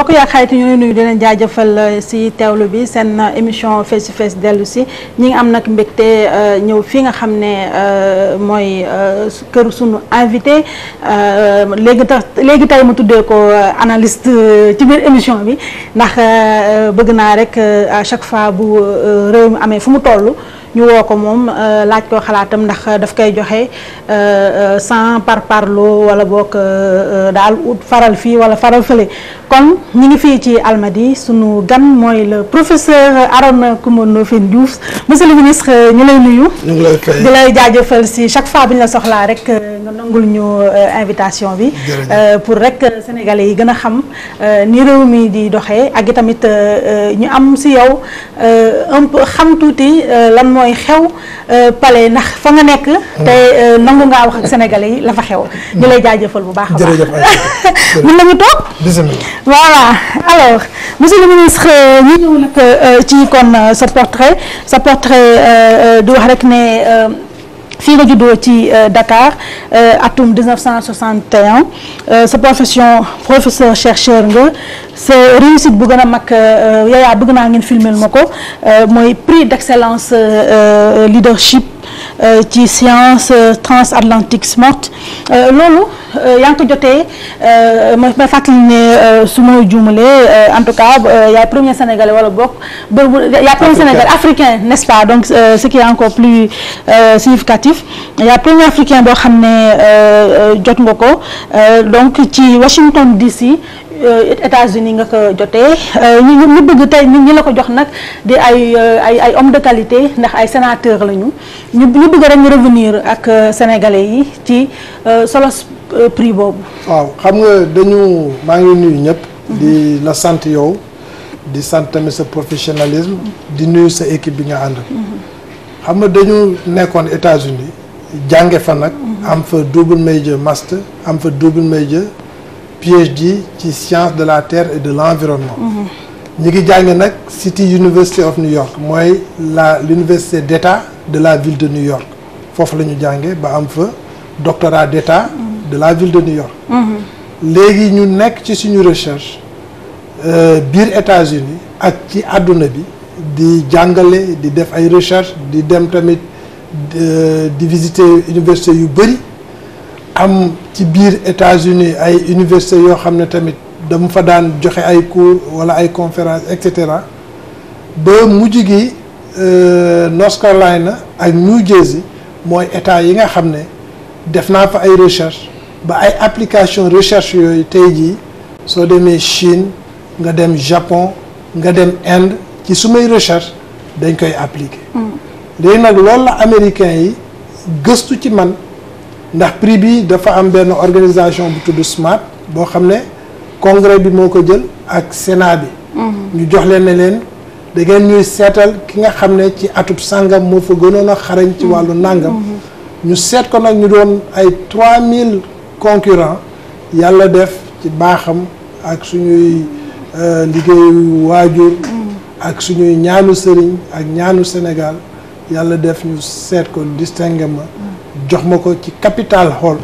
mbokk yaa xarit ñooy nuyu di leen jaajëfal euh, si teewlu bi seen euh, émission face to face dellu si ñi ngi am nag mbégte euh, ñëw fii nga xam ne mooy kër suñu invité léegi tax léegi tey mu tuddee ko analyste ci biir émission bi ndax bëgg naa rek à chaque fois bu réew mi amee fu mu toll. ñu woo ko moom euh, laaj ko xalaatam ndax daf koy joxe san euh, euh, par parlo wala boog daal ut faral fii wala faral fële kon ñu ngi fii ci Almadies suñu gan mooy le professeur Arona Coumba Ndoffène Diouf monsieur le ministre ñu nuyu. ñu ngi lay fay di lay jaajëfal si chaque fois bu ñu la soxlaa rek nga nangul ñu invitation bi. pour rek sénégalais yi gën a xam ni réew mi di doxee ak itamit ñu am si yow un xam tuuti lan mooy xew euh, palais ndax fa nga nekk. te euh, nangu ngaa wax ak sénégalais yi la fa xew. ñu lay jaajëfal bu baax a baax jërëjëf aywa mën nañu toog. bisimilah voilà alors monsieur le ministre euh, ñu ñëw nag ci kon sa portrait sa portrait di wax rek ne. fii nga juddoo ci euh, Dakar euh, atum 1961 euh, sa profession professeur chercheur nga sa réussite bu gën a mag Yaya bëgg naa ngeen filmel ma ko mooy prix d'excellence leadership Euh, ci science euh, transatlantique smart euh, loolu yaa ngi ko jotee ma fàttali ne su ma juumalee en tout cas yaay premier sénégalais wala bokk bër bu yaay premier sénégalais africain n'est-ce pas donc ce qui encore plus significatif yaay premier africain boo xam ne jot nga ko donc ci Washington DC Euh, États-Unis nga ko jotee euh, ñu ñu bëgg tey ñu la ko jox nag di ay euh, ay ay homme de qualité ndax ay sénateur lañu ñu ñu bëgg rek ñu revenir ak sénégalais yi ci solo prix boobu. waaw xam nga dañu maa ngi nuyu ñëpp. Mhm. di la sant yow. di sant tamit sa professionnalisme. di nuyu sa équipe bi nga ànd. Mhm. xam nga dañu nekkoon États-Unis jànge fa nag. Mhm. am fa double major master am fa double major ji ci science de la terre et de l'environnement ñu ngi jànge nag City University of New York mooy la l'université d'État de la ville de New York foofu la ñu jànge ba am fa doctorat d'État de la ville de New York léegi ñu nekk ci suñu recherche euh, biir États-Unis ak ci àdduna bi di jàngale di def ay recherche di dem tamit euh, di visiter université yu bëri am ci biir États-Unis ay université yoo xam ne tamit dama fa daan joxe ay cours wala ay conférence et cetera ba mujj gi euh, North Carolina ak New Jersey mooy état yi nga xam ne def naa fa ay recherche ba ay application recherche yooyu tey jii soo demee Chine nga dem Japon nga dem Inde ci sumay recherche dañ koy appliquer mm. léegi nag loolu la américain yi gëstu ci man ndax prix bi dafa am benn organisation bu tudd SMART boo xam ne congrès bi moo ko jël ak sénat bi. Mhm. ñu jox leen leen da ngeen ñuy seetal ki nga xam ne ci atub sàngam moo fa gënoon a xarañ ci mhm. wàllu nàngam. Mhm. ñu seet ko nag ñu doon ay 3000 concurrents yàlla def ci baaxam ak suñuy euh, liggéeyu waajur. ak suñuy ñaanu sëriñ ak ñaanu Sénégal yàlla def ñu seet ko distingué ma. jox ma ko ci Capitol Hall.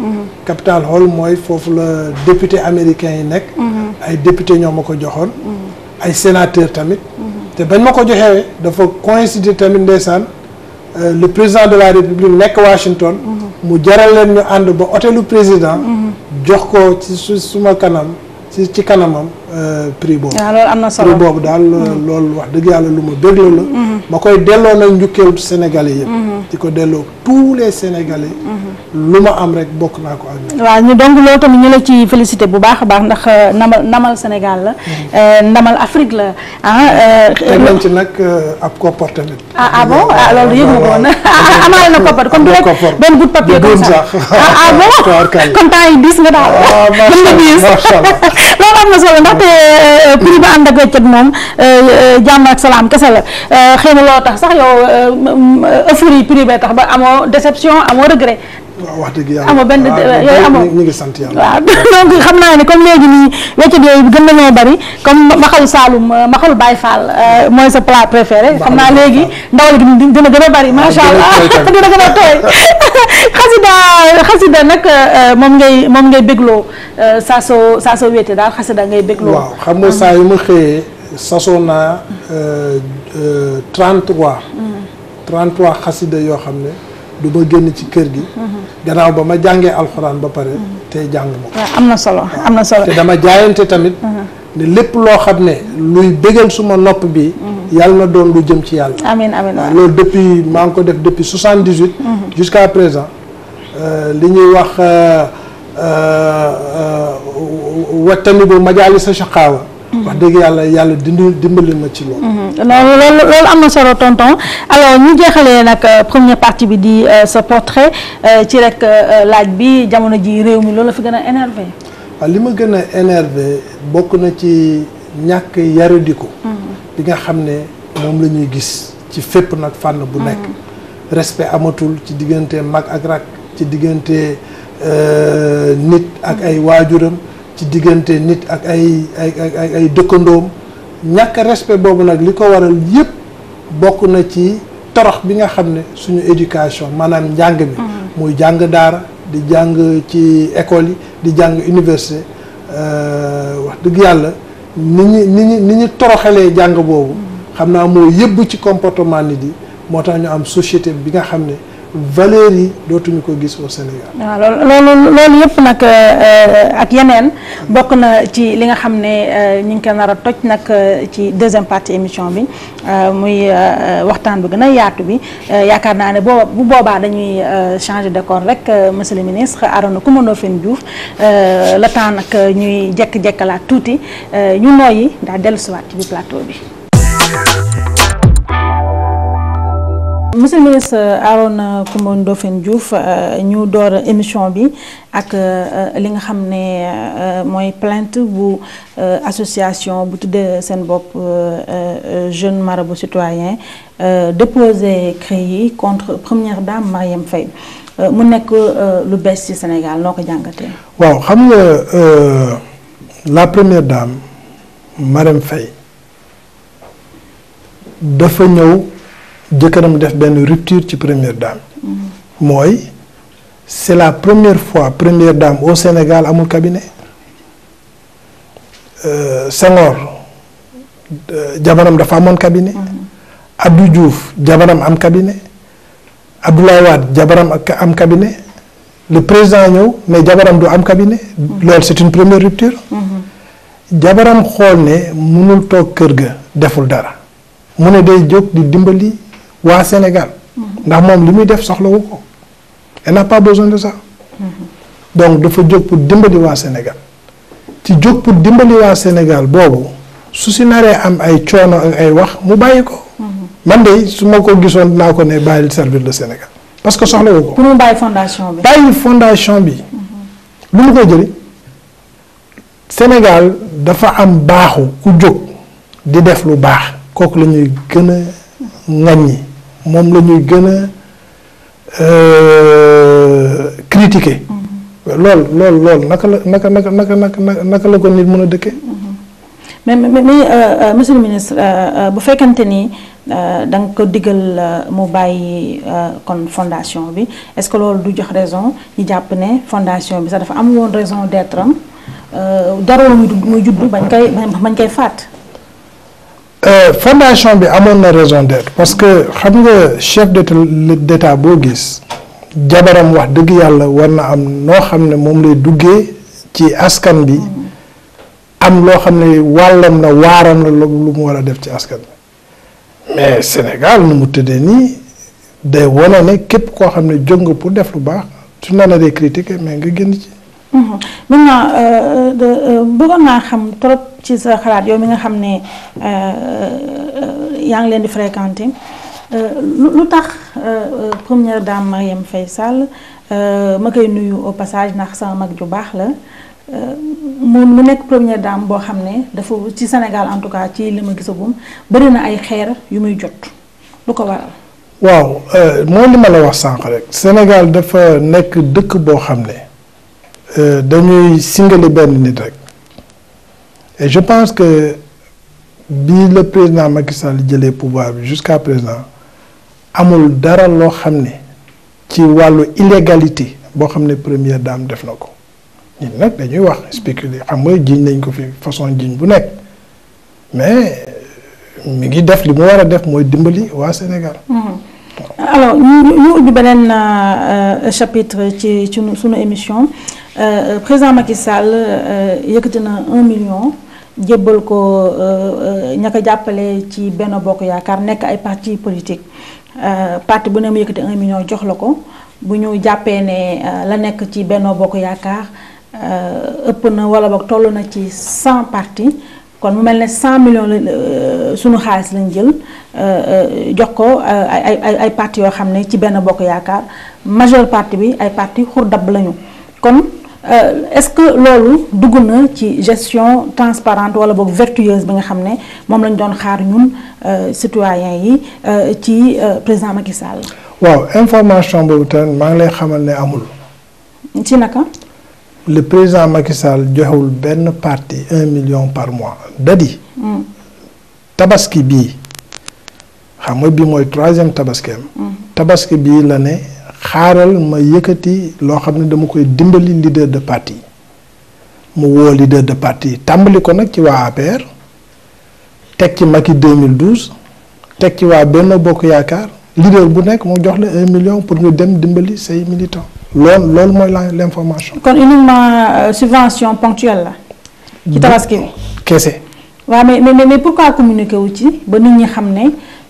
Mhm. capital Hall mooy foofu la député américain yi nekk. Mhm. ay député ñoo ma ko joxoon. Mhm. ay sénateur tamit. te bañ ma ko joxewee dafa coïncider tamit ndeysaan euh, le président de la république nekk Washington. mu jaral leen ñu ànd ba hôtelu président. jox ko ci su suma kanam ci ci kanamam. Euh, prix boobu. waaw ah, na solo boobu daal mm-hmm. loolu wax dëgg yàlla lu ma bégloo la. Mm-hmm. ma koy delloo nag njukkeel Sénégalais yëpp. Mm-hmm. di ko delloo tous les Sénégalais. lu ma am rek bokk naa ko ak ñoom. waaw ñu donc loolu tamit ñu ci félicité bu baax baax ndax euh, ndamal ndamal Sénégal la. Euh, ndamal la ah. teg nag ab koppar tamit. ah, ah, ah am na solo ndax. dee euh, prix ba ànd ak wéccet moom euh, euh, jàmm ak salaam kese la xëy na loo tax sax yow offre yi prix ba tax ba amoo déception amoo regret waaw wax dëgg yàlla amoo benn yooyu amoo ñu ngi sant yàlla. waaw donc xam naa ne comme léegi nii wéccet yooyu gën nañoo bari comme maxalu Saloum euh, maxalu Baye Fall euh, mooy sa plat xam naa léegi ndawal gi dina gën a bari. macha allah dina gën a tooy. xasida xasida nag euh, moom ngay moom ngay bégloo saa soo saa soo wéete daal xasida ngay bégloo. waaw xam nga saa yu ma xëyee soo naa 33. 33 mm. xasida yoo xam ne. du ma génn ci kër gi. Mhm. gannaaw ba ma jàngee alxuraan ba pare. Mhm. tey jàng ma am na solo am na solo. te dama jaayante tamit. Mhm. ne lépp loo xam ne luy bégal suma nopp bi. yàlla na doon lu jëm ci yàlla. amiin amiin waaw loolu depuis maa ngi ko def depuis soixante dix huit. jusqu'à présent euh, li ñuy wax euh, euh, wattani bu majaali sa shaqaawa. wax dëgg yàlla yàlla dindi dimbali ma ci mhm. loolu. loolu am na solo tonton alors ñu jeexalee nag euh, première partie bi di euh, sa portrait euh, ci rek laaj bi jamono ji réew mi loolu la fi gën a énervé. waaw ah, li ma gën a énervé bokk na ci ñàkk yaradiku mhm. bi nga xam ne moom la ñuy gis ci fépp nag fànn bu nekk. Mhm. respect amatul ci diggante mag ak rak ci diggante nit ak ay waajuram. ci diggante nit ak ay ay ay ay dëkkandoom ñàkk respect boobu nag li ko waral yépp bokk na ci torox bi nga xam ne suñu éducation maanaam njàng bi mm-hmm. muy jàng daara di jàng ci école yi di jàng université euh, wax dëgg yàlla ni ñu ni ñu ni ñu toroxalee jàng boobu mm-hmm. xam naa moo yëbb ci comportement nit yi moo tax ñu am société bi nga xam ne valeur yi dootuñu ko gis au Sénégal. waaw loolu loolu yëpp nag euh, euh, ak yeneen bokk na ci li nga xam ne euh, ñu ngi ko nar a toj nag ci deuxième partie émission bi muy waxtaan bu gën a yaatu bi yaakaar naa ne booba bu boobaa dañuy changer de corps rek monsieur le ministre Arona Coumba Ndoffène Diouf le temps nag ñuy jekk jekkalaat tuuti ñu ndax dellu dellusiwaat ci bi plateau bi. monsieur le ministre euh, Arona Coumba Ndoffène Diouf euh, ñu door émission bi ak euh, li nga xam ne mooy plainte bu association bu tuddee seen bopp jeune marabout citoyen déposé CREI contre première dame Marième Faye mu nekk lu bees ci Sénégal noo ko jàngatee. waaw xam nga la première dame Marième Faye dafa ñëw. jëkkëram def benn rupture ci première dame. mooy c'est la première fois première dame au Sénégal amul cabinet euh, Senghor euh, jabaram dafa amoon cabinet. Mm-hmm. Abdou juuf jabaram am cabinet Abdoulaye Wade jabaram am cabinet lu président ñëw mais jabaram du am cabinet mm-hmm. loolu c'est une première rupture. Mm-hmm. jabaram xool ne mënul toog kër ga deful dara mu ne day jóg di dimbali. waa Sénégal. Mhm. ndax moom li muy def soxlawu ko. elle n'a pas besoin de ça. Mhm. donc dafa jóg pour dimbali waa Sénégal. ci jóg pour dimbali waa Sénégal boobu su si naree am ay coono ak ay wax mu bàyyi ko. Mhm. man de su ma ko gisoon naa ko ne bàyyil servir le Sénégal parce que soxla ko. pour mu bàyyi fondation bi. bàyyi lu mu koy jëriñ. Sénégal dafa am baaxu ku jóg di def lu baax kooku la ñuy gën a ŋaññi. moom la ñuy gën a euh, critiquer. Mm-hmm. lool lool lool naka la naka naka naka naka naka la ko nit mën a dëkkee. Mm-hmm. mais mais mais euh, euh, ministre bu fekkante ni da nga ko diggal mu bàyyi kon fondation bi est-ce que loolu du jox raison ñu jàpp ne fondation bi sax dafa am woon raison d'être am darul muy juddu bañ koy bañ koy faat. fondation bi amoon na raison d'être parce que xam nga chef d'état boo gis jabaram wax dëgg yàlla war na am noo xam ne moom lay duggee ci askan bi am loo xam ne wàllam na waaram la lu mu war a def ci askan bi mais Sénégal nu mu tëddee nii day wane ne képp koo xam ne jóg nga pour def lu baax su na dee critiquer mais nga génn ci maintenant mhm. euh, euh, euh, bëggoon naa xam trop ci sa xalaat yow mi nga xam ne yaa ngi leen di fréquenter lu tax première dame Marième Faye Sall ma koy nuyu au passage ndax sama mag ju baax la mu nekk première dame boo xam ne dafa ci Sénégal en tout cas ci li ma gisagum bëri na ay xeer yu muy jot lu ko waral. waaw mooy li ma la wax sànq rek. Sénégal dafa nekk dëkk boo xam ne. Euh, dañuy singali benn nit rek et je pense que bi le président Macky Sall jëlee pouvoir bi jusqu'à présent amul dara loo xam ne ci wàllu illégalité boo xam ne première dame def na ko ñun nag dañuy wax spéculer xam nga jiñ nañ ko fi façon jiñ bu nekk mais euh, mi ngi def li mu war a def mooy dimbali waa Sénégal. Mmh. alors ñu ñu ubbi beneen euh, chapitre ci ci sunu émission. Euh, euh, président Macky Sall euh, yëkkati na un million jébbal ko ña ko jàppale ci benn bokk yaakaar nekk ay parti politique parti bu ne mu yëkkati un million jox la ko bu ñu jàppee ne la nekk ci benn bokk yaakaar ëpp na wala boog toll na ci cent parti kon mu mel ne cent millions la sunu xaalis lañ jël jox ko ay ay ay parti yoo xam ne ci benn bokk yaakaar majeure parti bi ay parti xur dab lañu kon. Euh, est-ce que loolu dugg na ci gestion transparente wala boog vertueuse bi nga xam ne moom lañ doon xaar ñun euh, citoyens yi euh, ci président Macky Sall. waaw information boobu tamit maa ngi lay xamal ne amul. ci naka. le président Macky Sall joxewul benn parti un million par mois dadi. Hmm. tabaski bi xam nga bii mooy troisième tabaskeem. Hmm. tabaski bii la ne xaaral ma yëkkati loo xam ne dama koy dimbali leader de parti mu woo leader de parti tàmbali ko nag ci waa APR teg ci Macky 2012 teg ci waa benn Bokk Yaakaar leader bu nekk mu jox la un million pour ñu dem dimbali say militant loolu loolu mooy la l' information. kon uniquement euh, subvention ponctuelle la. ci tabaski kese. waaw mais mais mais pourquoi communiquer wu ci ba nit ñi xam ne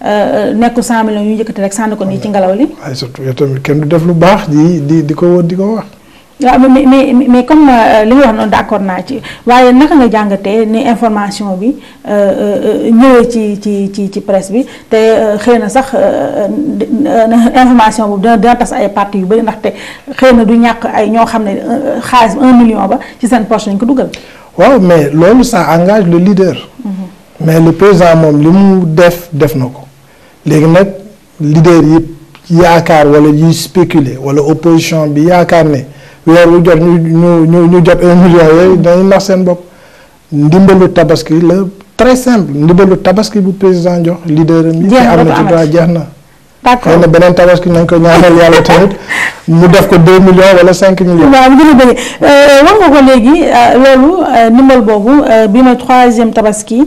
euh, euh, nekku 100 millions yu yëkkati rek sànni ko nii ci ngelaw li. waaye surtout yow tamit kenn du def lu baax di di di ko di ko wax. waaw mais mais mais comme euh, li nga wax noonu d'accord naa ci waaye naka nga jàngatee ni information bi ñëwee ci ci ci ci presse bi te xëy na sax information boobu dina dina tas ay parti yu bari ndaxte xëy na du ñàkk ay ñoo xam ne xaalis un million ba ci seen poche lañ ko dugal. waaw mais loolu ça engage le leader. Mm-hmm. mais lu président moom li mu def def na ko léegi nag leader yi yaakaar wala yuy spéculer wala opposition bi yaakaar ne weer wu jot ñu ñu ñu ñu jot un million yooyu dañuy nax seen bopp ndimbalu tabaski la très simple ndimbalu tabaski bu président jox leader am yi am na ci droit jeex na d'accord xëy na beneen tabaski nañ ko ñaanal yàlla tamit mu def ko 2 millions wala 5 millions. waaw mu gën a bëri euh, nga ko léegi euh, loolu euh, ndimbal boobu bi ma troisième tabaski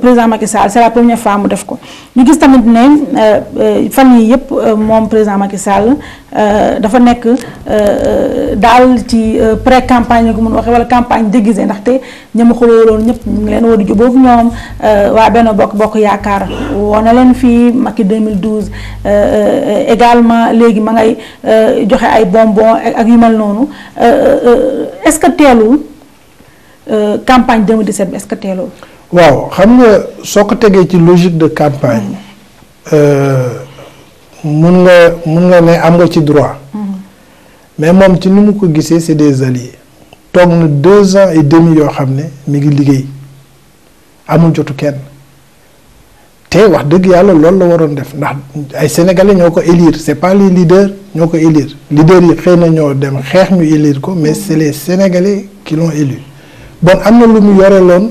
président Macky Sall c'est la première fois mu def ko ñu gis tamit ne fan yii yëpp moom président Macky Sall. Euh, dafa nekk euh, euh, daal ci pré campagne la ko mun waxee wala campagne déguisée ndaxte ña ma xulóoloon ñëpp mu leen war a jubóofu ñoom waa benn bokk bokk yaakaar woo na leen fii Macky 2012 également léegi ma ngay joxe ay bonbon ak yu mel noonu est-ce que teelul campagne 2017 bi ce que teelul. waaw xam nga soo ko tegee ci logique de campagne. mun nga mun nga ne am nga ci droit. mais moom ci nu mu ko gisee c'est des alliés. toog na deux ans et demi yoo xam ne mi ngi liggéey amul jotu kenn te wax dëgg yàlla loolu la waroon def ndax ay sénégalais ñoo ko élire c'est pas les leaders ñoo ko élire leaders yi xëy na ñoo dem xeex ñu élire ko mais c'est les sénégalais qui l'ont élu bon am na lu mu yore loon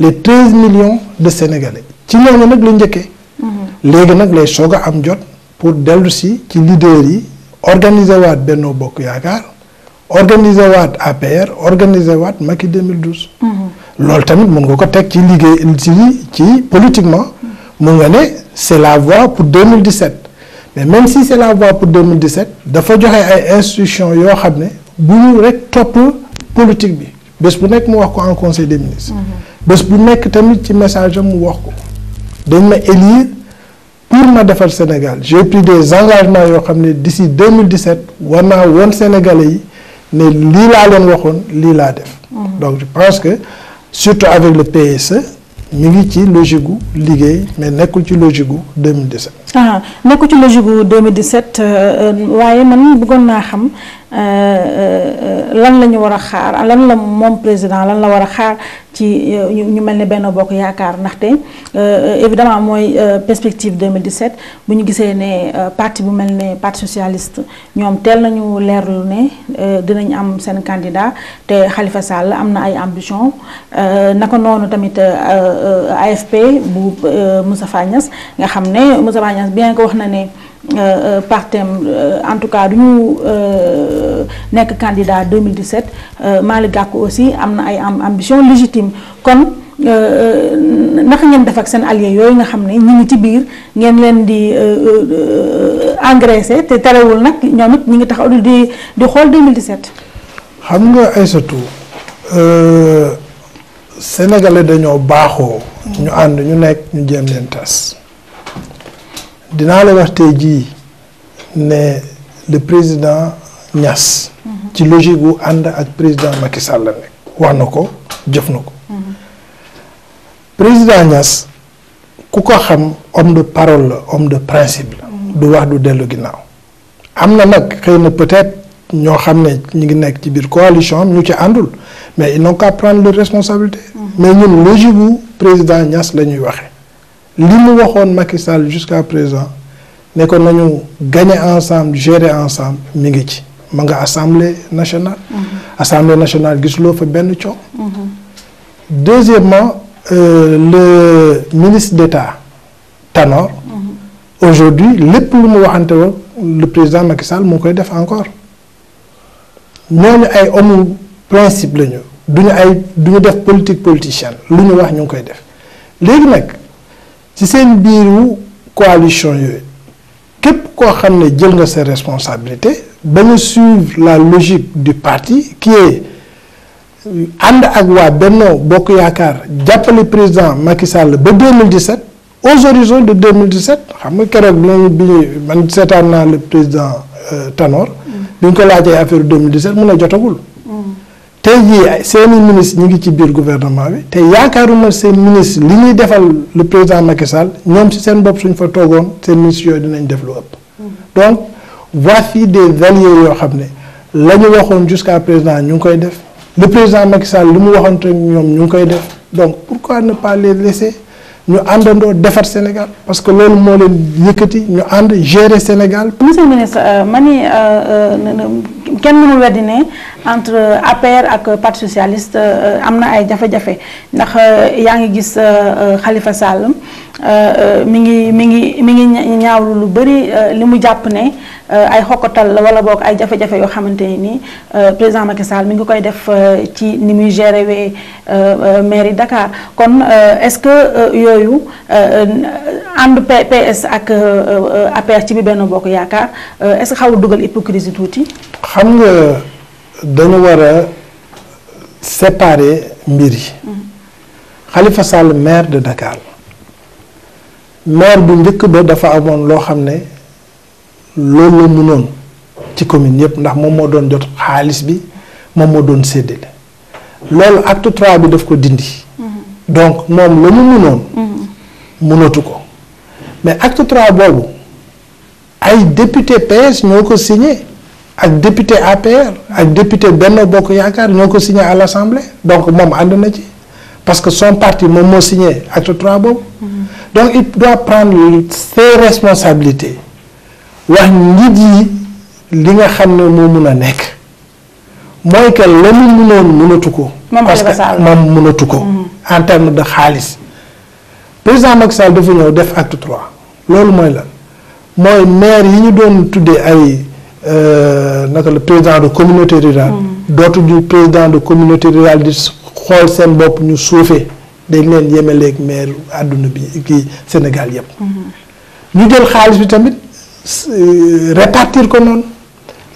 les treize millions de sénégalais ci ñooñu nag la njëkkee. Mm-hmm. léegi nag lay soog a am jot. pour dellu ci leader yi organiser waat Benno Bokk Yaakaar organiser waat APR organiser waat Macky 2012. Mhm. loolu tamit mun nga ko teg ci liggéey ci ci politiquement. Mhm. mu nga ne c'est la voie pour 2017. mais même si c'est la voie pour 2017 dafa joxe ay institutions yoo xam ne bu ñu rek topp politique bi bés bu nekk mu wax ko en conseil des ministres. Mhm. bés bu nekk tamit ci message am mu wax ko dañ ma élire. pour na defal Sénégal j'ai pris des engagement yoo xam ne d'ici 2017 war naa woon Sénégalais yi ne lii laa leen waxoon lii laa def. Mhm. donc je pense que surtout avec le PSE ñu ngi ci logique gu liggéey mais nekkul ci logique gu 2017. ah nekku ci logique gu 2017 euh, euh, waaye man bëggoon naa xam euh, lan la ñu war a xaar lan la moom président lan la war a xaar ci ñu mel ni benn bokk yaakaar ndaxte évidement mooy perspective 2017 bu ñu gisee ne parti bu mel ne parti socialist ñoom teel nañu leerlu ne dinañ am seen candidat te xalifa Sall am na ay ambition naka noonu tamit AFP bu Moustapha Niasse nga xam ne Moustapha Niasse Niass bien que wax na ne euh, euh, partem euh, en tout cas du ñu nekk candidat 2017 Malick Gakou aussi am na ay am ambition légitime kon naka ngeen def ak seen allié yooyu nga xam ne ñu ngi ci biir ngeen leen di engraissé te terewul nag ñoom it ñu ngi taxaw di di xool 2017. xam nga Aïssatou sénégalais dañoo baaxoo. ñu ànd ñu nekk ñu jéem leen tas. dinaa la wax tey jii ne le président Niass. ci logique wu ànd ak président Macky Sall la nekk. wax na ko jëf na ko. président Niass ku ko xam homme de parole la homme de principe la. du wax du dellu ginnaaw. am na nag xëy na peut-être ñoo xam ne ñu ngi nekk ci biir coalition am ñu ci àndul mais ils n'ont qu'à prendre leur responsabilité. Mm-hmm. mais ñun logique wu président ñas lañuy ñuy waxee. li mu waxoon Macky Sall jusqu'à présent ne ko nañu gagner ensemble gérer ensemble mi ngi ci ma nga assemblée nationale. Mhm. assemblée nationale gisuloo fa benn coow. Mhm. deuxièmement euh, le ministre d'État Tanor. Mhm. aujourd'hui lépp lu mu waxante woon le président Macky Sall ngi koy def encore ñoo ñooñu ay homme principe lañu duñu ay duñu def politique politicienne lu ñu wax ñu ngi koy def léegi nekk ci seen biiru coalition yooyu képp koo xam ne jël nga ses responsabilités bañ a suivre la logique du parti ki est euh, ànd ak waa Benno Bokk Yaakaar jàppale président Macky Sall ba 2017 aux horizons de 2017 xam nga keroog nga bi ñu man seetaan naa le président euh, Tanor. Mm. bi ñu ko laajee affaire 2017 mun a jotagul. te jii seen i ministre ñi ngi ci biir gouvernement bi te yaakaaruma seen ministre li ñuy defal le président Macky Sall ñoom si seen bopp suñ fa toogoon seen ministre yooyu dinañ def lu ëpp. donc voici des alliés yoo xam ne la ñu waxoon jusqu'à président ñu ngi koy def le président Macky Sall li mu waxoon te ñoom ñu ngi koy def donc pourquoi ne pas laisser. ñu àndandoo defar Sénégal parce que loolu moo leen yëkkati ñu ànd gérer Sénégal. monsieur le ministre euh, ma euh, euh, kenn mënul weddi entre APR ak parti socialiste am na ay jafe-jafe ndax yaa ngi gis xalifa Sall. Euh, euh, mi ngi mi ngi mi ngi ñaawlu lu bëri euh, li mu jàpp ne ay xokkatal la wala boog ay jafe-jafe yoo xamante ne ni président Macky Sall mi ngi koy def ci ni muy géré wee mairie dakaar kon est-ce que yooyu ànd PS ak APR ci bi benn bokk yaakaar est-ce que xawul dugal hypocrisie tuuti. xam nga dañu war a mbir yi. Mm-hmm. Khalifa Sall maire de Dakar. maire bu njëkk ba dafa amoon loo xam ne loolu la mënoon ci commune yëpp ndax moom moo doon jot xaalis bi moom moo doon séddale loolu acte trois bi daf ko dindi. Mm-hmm. donc moom la mu mënoon. mënatu mm-hmm. ko mais acte trois boobu ay député PS ñoo ko signé ak député APR ak député benn Bokk Yaakaar ñoo ko signé à l'Assemblée donc moom ànd na ci. parce que son parti moom moo signé acte trois boobu. donc il doit prendre ses responsabilités wax nit yi li nga xam ne moo mun a nekk mooy que la munoon mënatu ko. parce que moom mënatu ko. Mm-hmm. en de xaalis. président Macky Sall dafa ñëw def acte trois loolu mooy lan mooy maire yi ñu doon tuddee ay. Euh, naka la président de communauté rurale. Mm-hmm. dootuñu président de communauté rurale di xool seen bopp ñu suufee dañ leen yemaleeg meeru àdduna bi kii Sénégal yëpp. Mm-hmm. ñu jël xaalis bi tamit euh, répartir ko noonu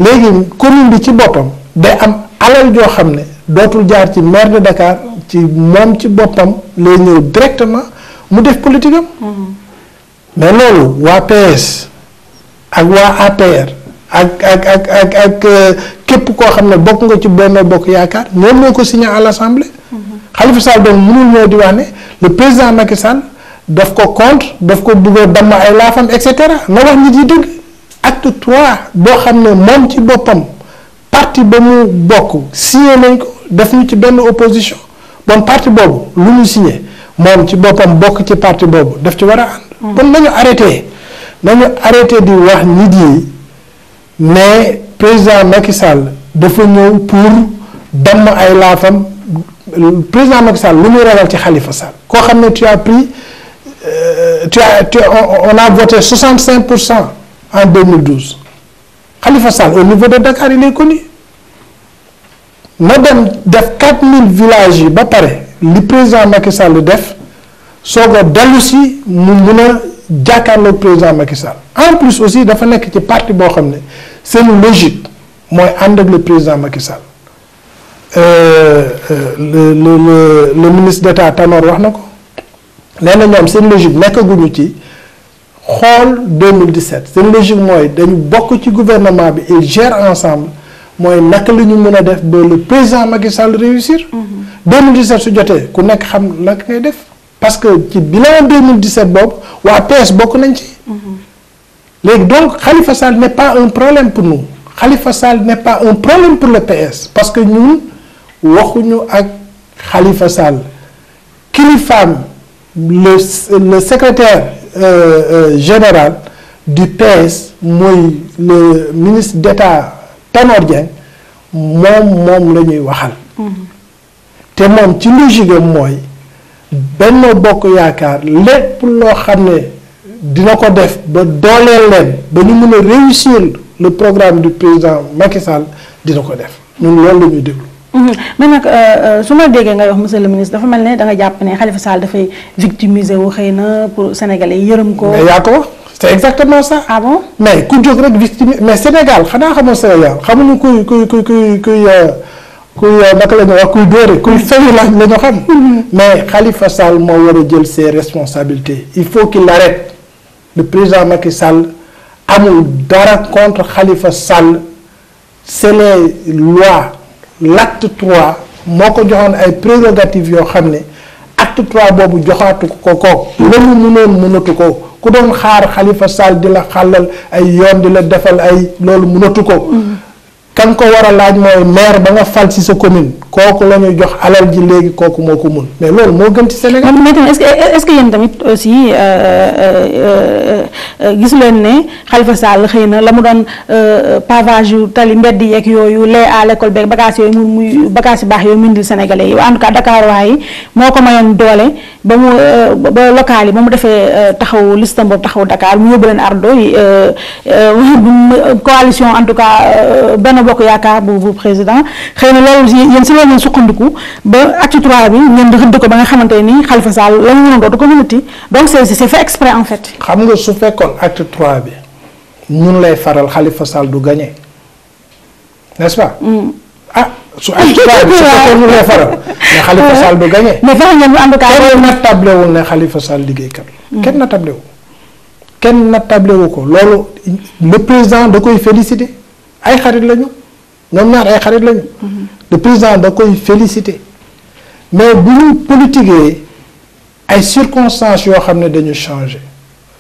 léegi commune bi ci boppam day am alal joo xam ne dootul jaar ci maire de Dakar ci moom ci boppam lay ñëw directement mu def politique am. Mm-hmm. mais loolu waa PS ak waa APR ak ak ak ak ak euh, képp koo xam ne bokk nga ci Benno Bokk Yaakaar ñoom ñoo ko signé à l'Assemblée. Khalifa Sall donc mënul ñëw di wax ne le président Macky Sall daf ko contre daf ko bëgg a damm ay laafam et cetera na wax nit yi dëgg acte trois boo xam ne moom ci boppam parti ba mu bokk signé nañ ko def ñu ci benn opposition bon parti boobu lu ñu signé moom ci boppam bokk ci parti boobu daf ci war a ànd. Hmm. kon nañu arrêté nañu arrêté di wax nit yi ne président Macky Sall dafa ñëw pour damm ay laafam. président Macky Sall lu muy ragal ci Khalifa Sall koo xam ne tu as pris euh, tu as tu on a voté pour cent en 2012 Khalifa Sall au niveau de Dakar il est connu na dem def 4000 yi ba pare li président Macky Sall def soo ko dellu si mu mun a jàkkaarloog président Macky Sall en plus aussi dafa nekk ci parti boo xam ne seen logique mooy ànd ak le président Macky Euh, euh, le le le ministre d'État Tanor wax na ko nee na ñoom seen logique nekkaguñu ci xool 2017 seen logique mooy dañu bokk ci gouvernement bi et gère ensemble mooy naka la ñu mën a def ba le président Macky Sall réussir. 2017 mm-hmm. su jotee ku nekk xam naka ngay def parce que ci bilan 2017 boobu waa PS bokk nañ ci. Mm-hmm. léegi donc Khalifa Sall n'est pas un problème pour nous xalifa Sall n'est pas un problème pour le PS parce ñun. waxuñu ak xalifa Sall kilifaam le le euh, euh, général du PS mooy le ministre d'État Tanor Dieng moom moom la ñuy waxal. Mm-hmm. te moom ci logique mooy Benno Bokk Yaakaar lépp loo xam ne dina ko def ba dooleel leen ba ñu mën a réussir le programme du président Macky Sall dina ko def ñun loolu la ñuy déglu. Mhm. mais nag euh, euh, su ma déggee nga wax monsieur le ministre dafa mel ne da jàpp ne Khalifa Sall dafay victimiser wu xëy na pour sénégalais yërëm ko. mais yaa ko wax c' est exactement ça. ah bon mais ku jóg rek victime mais Sénégal xanaa xamoo Sénégal xamuñu kuy kuy kuy kuy kuy euh, kuy naka la ñuy wax kuy dóore kuy mhm. feyu la xam. Mhm. mais Khalifa Sall moo war a jël see responsabilité il faut qu'il arrête le président Macky Sall amul dara contre xalifa Sall c' est les l'acte 3 moo ko joxoon ay prérogatives yoo xam ne acte 3 boobu joxaatu ko ko lamu mënoon mënatu ko ku doon xaar Khalifa Sall di la xàllal ay yoon di la defal ay loolu mënatu ko mm-hmm. kan ko war a laaj mooy maire ba nga fal ci sa commune kooku la ñuy jox alal ji léegi kooku moo ko mun mais loolu moo gën ci Sénégal. mais tamit est-ce tamit aussi euh, euh, euh, gis leen ne Khalifa Sall xëy na la mu doon pavage yu tali mbedd yeeg yooyu lait à l'école beeg bagages yooyu muy muy yu baax yooyu mu indil Sénégalais yi en tout cas Dakar waay yi moo ko mayoon doole ba mu ba local yi ba mu defee taxaw listam boobu taxaw Dakar mu yóbbu leen ardo yi coalition bokk yaakaar bu bu président xëy na loolu yéen si loolu ngeen sukkandiku ba acte trois bi ngeen rëdd ko ba nga xamante ni Khalifa Sall la ñu mënoon du ko mënati donc c'est c'est fait exprès en fait. xam nga su fekkoon acte trois lay faral Khalifa Sall du gagné n'est-ce mm. ah, su acte trois bi su fekkoon ñun lay faral mais Khalifa Sall du gagné. mais fexe ngeen en tout cas. kenn na tablewul ne mm. kenn na tablewul ko loolu le président da koy féliciter. ay xarit lañu ñoom ñaar ay xarit lañu. Mm-hmm. le président da koy félicité mais bu ñu politiquee ay circonstances yoo xam ne dañu changé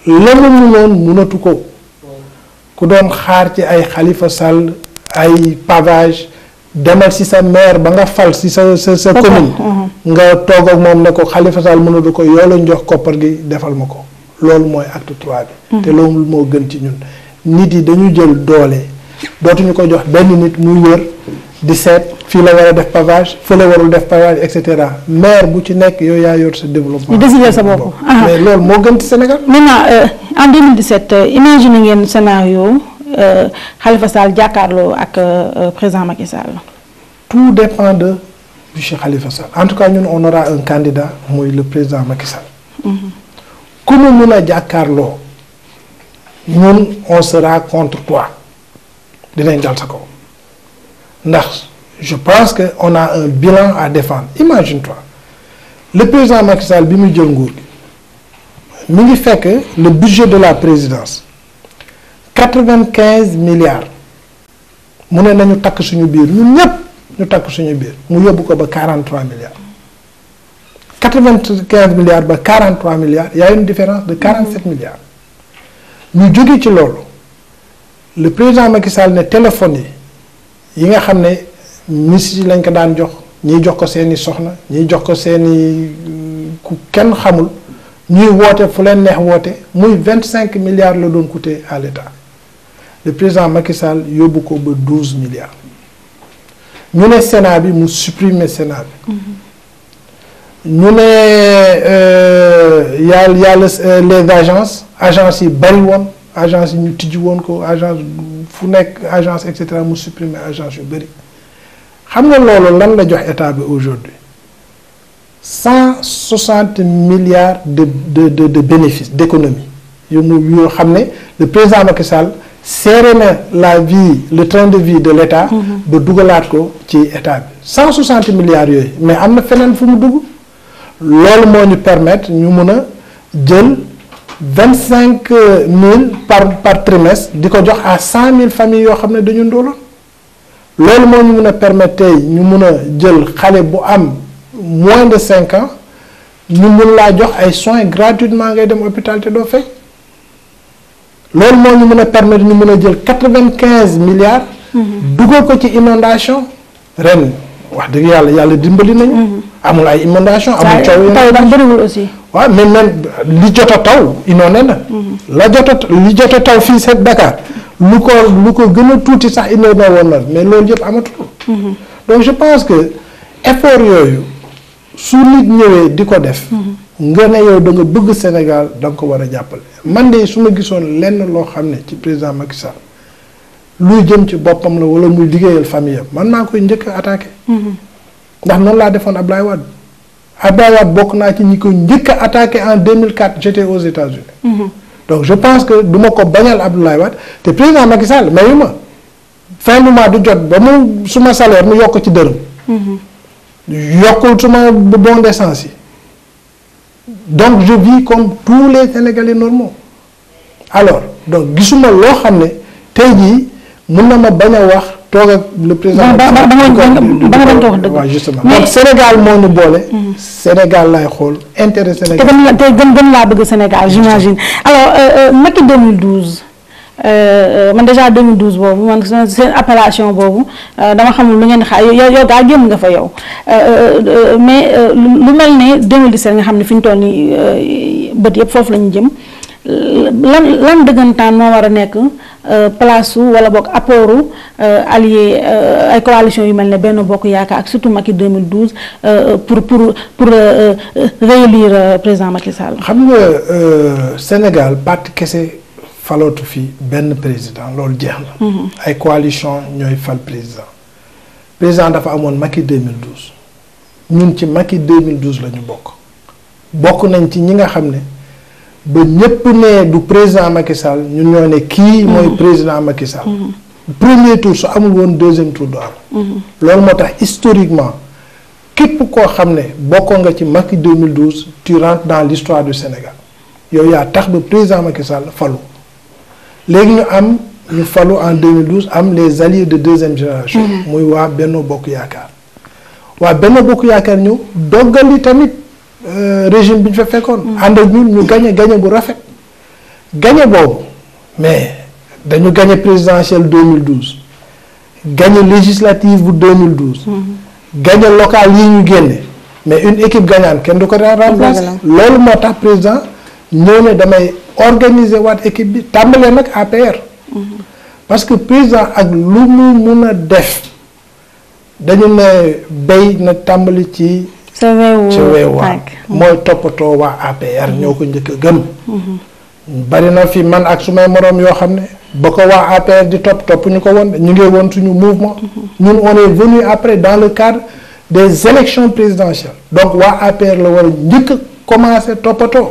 la mu mënoon mënatu ko ku doon xaar ci ay Khalifa Sall ay pavage demal ci sa maire ba nga fal ci sa sa sa commune. Mm-hmm. nga toog ak moom ne ko Khalifa Sall mënatu ko yoo lañ jox koppar gi defal ma ko loolu mooy acte trois bi. Mm-hmm. te loolu moo gën ci ñun nit yi dañu jël doole. dootuñu ko jox benn nit muy wër di set fii la war a def pavage fële warul def pavage et cetera maire bu ci nekk yow yaa yor sa développement. décider sa bopp ah. mais loolu moo gën ci Sénégal. maintenant euh, en 2017 euh, imagine ngeen scénario xalifa euh, Sall jàkkaarloo ak président Macky Sall. tout dépend de monsieur Khalifa Sall en tout cas ñun on un candidat mooy le président Macky Sall. Mm-hmm. ku mu mun a jàkkaarloo ñun on sera contre toi. dinañ dal sa kaw ndax je pense que on a un bilan à défendre imagine-toi le président Macky Sall bi muy jël nguur gi mi ngi fekk le budget de la présidence quatre-vingt-quinze milliards mu ne na ñu takk suñu biir ñun ñëpp ñu takk suñu biir mu yóbbu ko ba quarante-trois milliards quatre quinze milliards ba quarante-trois milliards une différence de quarante-sept milliards ñu jóge ci loolu le président Macky Sall ne téléphone yi yi nga xam ne ministre yi lañ ko daan jox ñiy jox ko seeni soxna ñiy jox ko seeni euh, ku kenn xamul ñuy woote fu leen neex woote muy vingt cinq milliards la doon coûter à l'État le président Macky Sall yóbbu ko ba douze milliards ñu ne Sénat bi mu supprimer Sénat bi mm-hmm. ñu ne euh, yàlla yàlla euh, les agences agences yi bari woon agence yi ñu tijji woon ko agence fu nekk agence et cetera mu supprimer agence yu bëri xam nga loolu lan la jox état bi aujourd'hui cent soixante milliards de de de de bénéfices d'économie yu mu yoo xam ne le président Macky Sall serré na la vie le train de vie de l'état mm-hmm. ba dugalaat ko ci état bi cent soixante milliards yooyu mais am na feneen fu mu dugg loolu moo ñu permettre ñu mën a jël vingt cinq mille par par trimestre di ko jox à cent mille familles yoo xam ne dañu ndóoloon loolu moo ñu mun a permettre tey ñu mën a jël xale bu am moins de cinq ans ñu mën laa jox ay soins gratuitement ngay dem hôpital te doo fay loolu moo ñu mën a permettre ñu mën a jël quatre vingt quinze milliards. Mm-hmm. duggoo ko ci inondation ren wax dëgg yàlla yàlla dimbali nañu. Mm-hmm. amul ay inondation amul coow taw ba bëriwul aussi. waaw mhm. la jot a li a taw fii seet Dakar lu ko lu ko gën a tuuti sax inondé woon na mais loolu yëpp amatul. Mhm. donc je pense que effort yooyu su nit ñëwee di ko def. Mhm. nga ne yow da bëgg Sénégal da ko war a jàppale. man de su ma gisoon lenn loo xam ne ci président Macky Sall luy jëm ci boppam la wala muy liggéeyal famille am man naa koy njëkk a ndax noonu laa defoon Ablaye Wade Ablaye Wade bokk naa ci ñi ko njëkk a attaqué en 2004 j'étais aux États-Unis mm donc je pense que du ma ko bañal Abdoulaye Wade te président Macky Sall mayu ma fin du mois du jot ba mu suma salaire mu yokk ci dërëm. Mm-hmm. yokkul suma bon d'essence yi donc je vis comme tous les Sénégalais normaux alors donc gisuma loo xam ne tey jii mun na ma bañ a wax. toog ak le président. ba ba ba nga doon wax dëgg. waaw justement donc Sénégal moo ñu boole. Mhm. Sénégal laay xool intérêt Sénégal. te gën la te gën gën laa bëgg Sénégal j'imagine alors euh, euh, Macky 2012. Euh, man déjà 2012 boobu man seen appellation boobu dama xamul lu ngeen xaar yow yow gaa génn nga fa yow mais lu mel ne 2017 nga xam ne fi ñu toll nii bët yëpp foofu la ñu jëm lan lan dëggantaan moo war a nekk Euh, place wala boog apportu euh, allié euh, ay coalition yu mel ne Benno Bokk Yaakaar ak surtout Macky 2012 pour pour pour réélire président Macky Sall. xam nga Sénégal parti kese falootu fi benn président loolu jeex na. Mhm. ay coalition ñooy fal président président dafa amoon Macky 2012 ñun ci Macky 2012 la ñu bokk bokk nañ ci ñi nga xam ne. ba ñëpp ne du président Macky Sall ñun ñoo ne kii mm-hmm. mooy président Macky Sall. Mm-hmm. premier tour su amul woon deuxième tour du am. Mm-hmm. loolu moo tax historiquement képp koo xam ne bokkoo nga ci Macky 2012 tu rentres dans l'histoire du Sénégal yow yaa tax ba président Macky Sall falu léegi ñu am ñu falu en 2012 am les alliés de deuxième génération. muy waa Benno Bokk Yaakaar waa Benno Bokk Yaakaar ñëw doggali tamit. Euh, régime bi ñu fa fekkoon. ànd ak ñun ñu gagné gagné bu rafet. gagné boobu mais dañu gagné présidentielle 2012 gagné législative bu 2012. Mm-hmm. gagné local yi ñu génne mais une équipe gañaan kenn du ko daan remplacer. loolu moo tax président ñëw ne damay organiser waat équipe bi tàmbalee nag APR. Mm-hmm. parce que président ak lu mu mun a def dañu ne béy na tàmbali ci. ci weewu waak mm. mooy toppatoo waa APR mm-hmm. ñoo ko njëkk a gëm mm-hmm. na fi man ak su may moroom yoo xam ne ba ko waa APR di topp topp ñu ko woon ñu ngi woon suñu mouvement mm-hmm. ñun on est venu après dans le cadre des élections présidentielles donc waa APR la war a njëkk a commencer toppatoo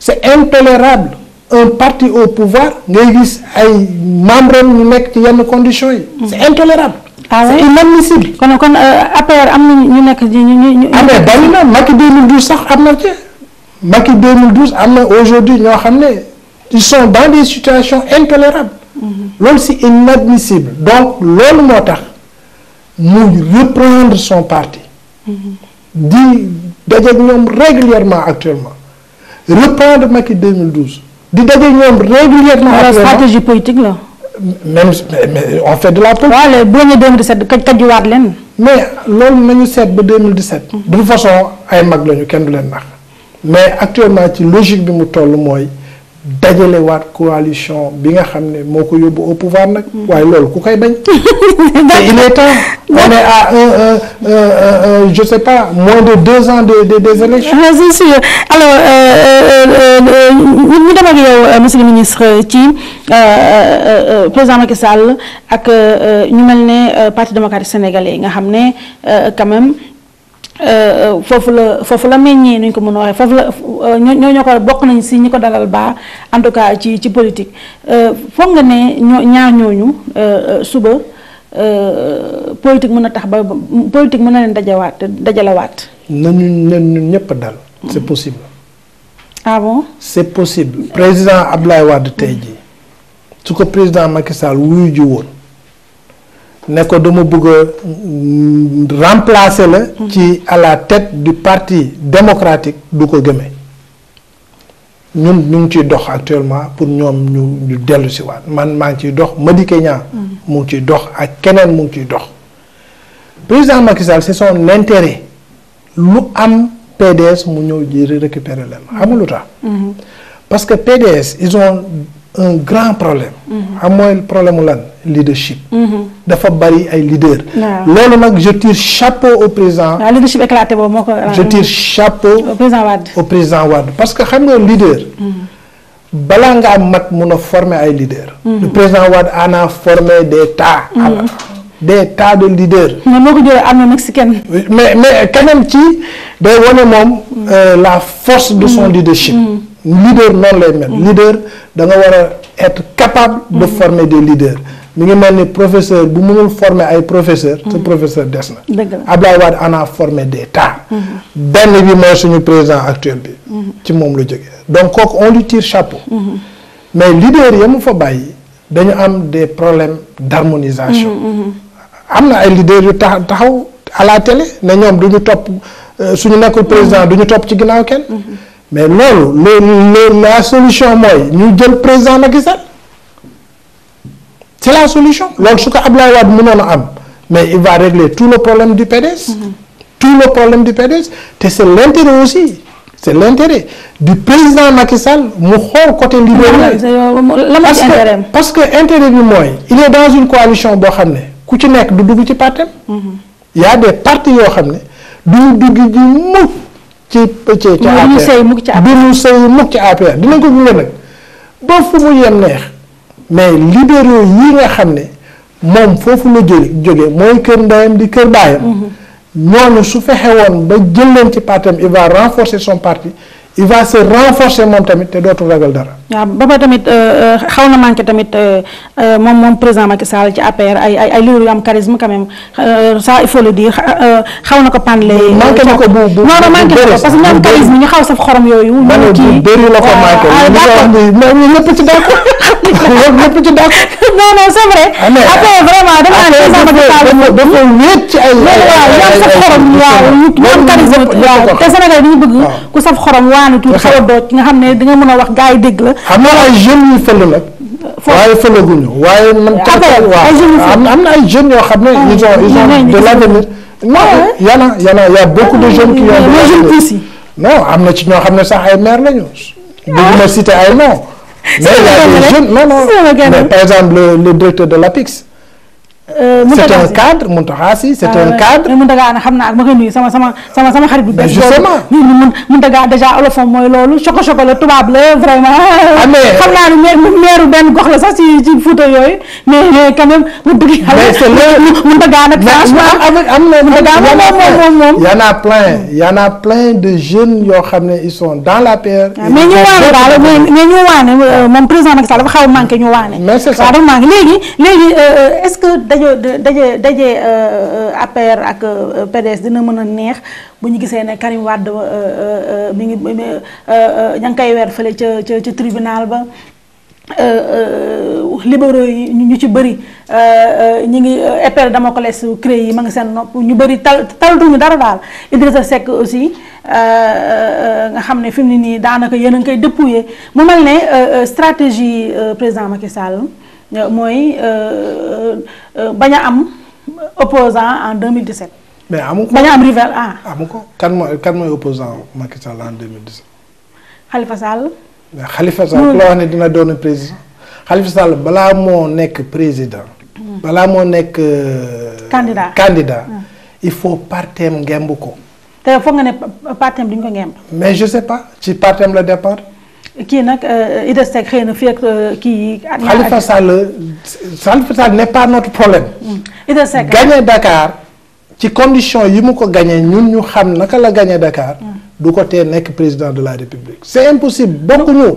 c'est intolérable un parti au pouvoir ngay gis ay membres ñu nekk ci yenn conditions yi c'est intolérable ah oui c'est inadmissible. kon kon euh, APR am na ñu nekk ñu ñu ñu. APR bari na Macky 2012 sax am na ci Macky 2012 am na aujourd'hui ñoo xam ne ils sont dans des situations intolérables. Mm-hmm. loolu c'est inadmissible donc loolu moo tax mu reprendre son parti. Mm-hmm. di dajeeg ñoom régulièrement actuellement reprendre Macky 2012 di dajeeg ñoom régulièrement. actuellement stratégie politique la. même on fait du la politique. waaw boo ñëwee 2017 ka kajuwaat leen. mais loolu nañu seet ba 2017. de toute façon ay mag lañu kenn du leen nax mais actuellement ci logique bi mu toll mooy. la dajalewaat coalition bi nga xam ne moo ko yóbbu au nag. Mm. waaye loolu ku koy bañ. il est temps on est je sais pas moins de deux ans de de des élections. ah c'est sûr alors euh, euh, euh, ñu dem yow monsieur le ministre ci président Macky Sall ak ñu mel ne parti démocratique sénégalais nga xam ne quand Euh, foofu la foofu la meññee nuñ ko mën a waxee foofu la euh, ñoo ñoo ko bokk nañ si ñi ko dalal baax en tout cas ci ci politique euh, foog nga ne ñoo ñaar ñooñu suba politique mën a tax ba politique mën a leen dajawaat dajalewaat nañu ne ñun ñëpp dal. Mm-hmm. c'est possible. ah c'est possible président Abdoulaye Wade tey ji su ko président Macky Sall wuyu woon. ne ko dama bëgg a mm, remplacer la. Mm-hmm. ci à la tête du parti démocratique du ko gëmee. ñun ñu ngi ciy dox actuellement pour ñoom ñu ñu dellu si waat man maa ngi ciy dox Madické Niang mm-hmm. mu ngi ciy dox ak keneen mu ngi ciy dox. président Macky Sall c'est son intérêt lu am PDS mu ñëw ji récupérer leen. xamul mm-hmm. PDS ils ont. un grand problème. Mm-hmm. xam mooy problème lan leadership. Mm-hmm. dafa bari ay leaders. loolu nag je tire chapeau au président. waaw leadership éclaté boobu moo ko. je tire mm-hmm. chapeau. au président Wade au parce que xam nga leader. balaa ngaa mat mun a former ay leaders. le président Wade en a formé des tas. des tas de leaders. mais moo ko jëlee armée mexicaine. mais mais quand ci day wane moom euh, la force de son leadership. leader noonu lay mel. Mm. leader da nga war a être capable. de mm. former des leaders. mi ngi mel ni professeur bu mënul former ay professeur te mm. professeur des na. dëgg la Abdoulaye Wade ana formé des tas. Mm-hmm. benn bi mooy suñu président actuel bi. Mm-hmm. ci moom la jógee donc kooku on lui tire chapeau. Mm-hmm. mais leader ya mu fa bàyyi dañu am des problèmes d'harmonisation. am na ay leaders yu tax taxaw à la télé ne ñoom du ñu topp euh, suñu nekkul président du ñu topp ci ginnaaw kenn. mais loolu le la solution mooy ñu jël président Macky Sall c'est la solution loolu su ko Abdoulaye Wade mënoon a am mais il va régler tout le problème du PDS. Mm-hmm. tout le problème du PDS te c'est l'intérêt aussi c'est l'intérêt du président Macky Sall mu xool côté libéral euh, parce que parce que intérêt bi mooy il est dans une coalition boo xam ne ku ci nekk du dugg ci partem mm-hmm. y a des yoo xam ne du dugg ji mukk ci pëccee ca APR bi ñu sëy mukk ci APR dinañ ko gunge nag ba fu mu yem neex mais libéraux yi nga xam ne moom foofu la jële jóge mooy kër ndeyam di kër baayam mm-hmm. ñooñu su fexe woon ba jël leen ci partam il va renforcer son parti il va se renforcer moom tamit te dootul ragal dara waaw ba ba tamit euh, euh, xaw na manqué tamit euh, moom moom président Macky Sall ci APR ay ay ay leader yu am charisme quand même ça il faut le dire xaw na ko pànle. manqué na ko bu bu na ko parce que ñoom charisme ñu yooyu. ñu kii la ko manqué. Ah, ñu ñëpp ci d'accord ñëpp ci d'accord non non c'est vrai. Ah, APR ah, vraiment dafa am président Macky Sall dafa wéet ci ay. waaw ñu am saf xorom waaw ñu am charisme te Sénégal dañu bëgg ku saf xorom waane tuuti xaw a nga xam ne di nga mën a wax gaa yi dégg la xam nga ay jeunes yu fële la. waaye fëleguñu waaye man. Ah, ah, ah, am am na ay jeunes yoo xam ne. ils ont ils ont de l'avenir. non y en a y en a y a beaucoup de jeunes. qui ont de l'avenir non am na ci ñoo xam ne sax ay maire lañu. bëgguma citer ay noms. mais y a des jeunes non non mais par exemple le directeur de l'APIX. Euh, c'est un cadre Mountakha Sy c'est ah, un cadre Mountakha na xam naa ak ma koy nuyu sama sama sama sama xarit bu bees justement ñu mun Mountakha déjà olofon mooy loolu choco choco la tubaab la vraiment ah, xam naa ne maire maire benn gox la sax ci ci Fouta yooyu mais quand même mu dëgg Mountakha nag franchement am na Mountakha moom moom moom moom y en a plein y en a plein de jeunes yoo xam ne ils sont dans la paix ah, mais ñu waane daal mais ñu waane moom président Macky Sall dafa xaw manqué ñu waane mais c'est ça dafa manqué léegi léegi euh, euh, est-ce que dajoo daje daje euh, euh, APR ak euh, PDS dina mën a neex bu ñu gisee ne Karim Wade mi ngi ña ngi koy weer fële ca ca ca tribunal ba. libéraux yi ñu ci bëri ñu ngi épr dama ko les cré yi ma ngi seen nopp ñu bëri tal talatuñu dara daal Idrissa Seck aussi nga xam ne fi mu ne nii daanaka yéen a ngi koy dépouiller mu mel ne stratégie président Macky mooy euh, euh, euh, bañ a am opposant en 2017. mais amu ko bañ a am rival ah. amu ko kan mooy kan mooy opposant Macky Sall en 2017. Khalifa Sall. mais Khalifa doon président. Khalifa balaa moo nekk président. Hmm. balaa moo nekk. candidat candidat. Hmm. il faut parteem ngemb ko. te foog nga ne parteem duñ ko ngemb. mais je sais pas ci parteem la départ. kii nag euh, Idda Seck xëy na fii euh, kii. ak Khalifa Sall Khalifa Sall n'est pas notre problème. Hmm. Idda Seck ci condition yi mu ko gagné ñun ñu xam naka la gagné dakaar hmm. du ko tee nekk président de la République. c'est impossible bokkuñu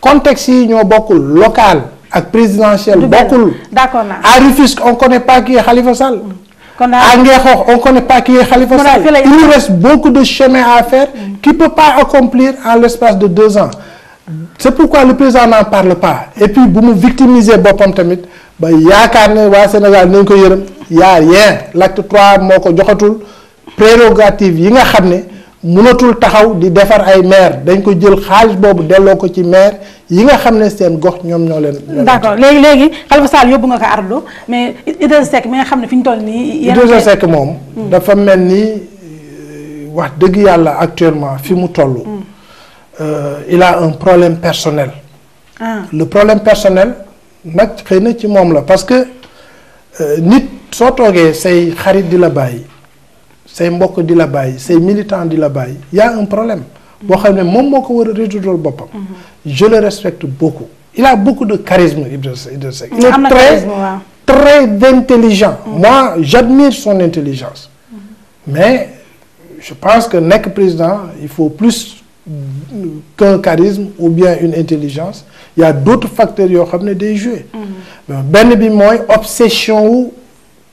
contexte yi ñoo bokkul local ak présidentiel. bokkul d'accord naa. à Rufisque on connaît pas qui est Khalifa Sall. Hmm. kon à Ngexox on connaît pas qui est Khalifa il nous reste beaucoup de chemin à faire. qui peut pas accomplir en l'espace de deux ans. c'est pourquoi le président n'en parle pas et puis bu mu victimiser boppam tamit ba yaakaar ne waa Sénégal nañ ko yërëm yaa rien l'acte trois moo ko joxatul prérogative yi nga xam ne mënatul taxaw di defar ay maire dañ ko jël xaalis boobu delloo ko ci maire yi nga xam ne seen gox ñoom ñoo leen. d'accord léegi léegi Khalifa Sall yóbbu nga ko ardu mais Idrissa Seck mi nga xam ne fi ñu toll nii. Idrissa Seck moom. Hmm. dafa mel ni euh, wax dëgg yàlla actuellement fi mu toll. Hmm. euh, il a un problème personnel. Ah. le problème personnel nag xëy na ci moom la parce que euh, nit soo toogee say xarit di la bàyyi say mbokk di la bàyyi say militant di la bàyyi y a un problème boo xam ne moom moo ko war a résoudre boppam. Mhm. je le respecte beaucoup. il a beaucoup de charisme Idrissa Seck. il intelligent. Mhm. j'admire son intelligence. Mhm. mais je pense que nekk président il faut plus. qu'un charisme ou bien une intelligence il y a facteurs yoo xam ne day jouer mm-hmm. benn bi mooy obsession wu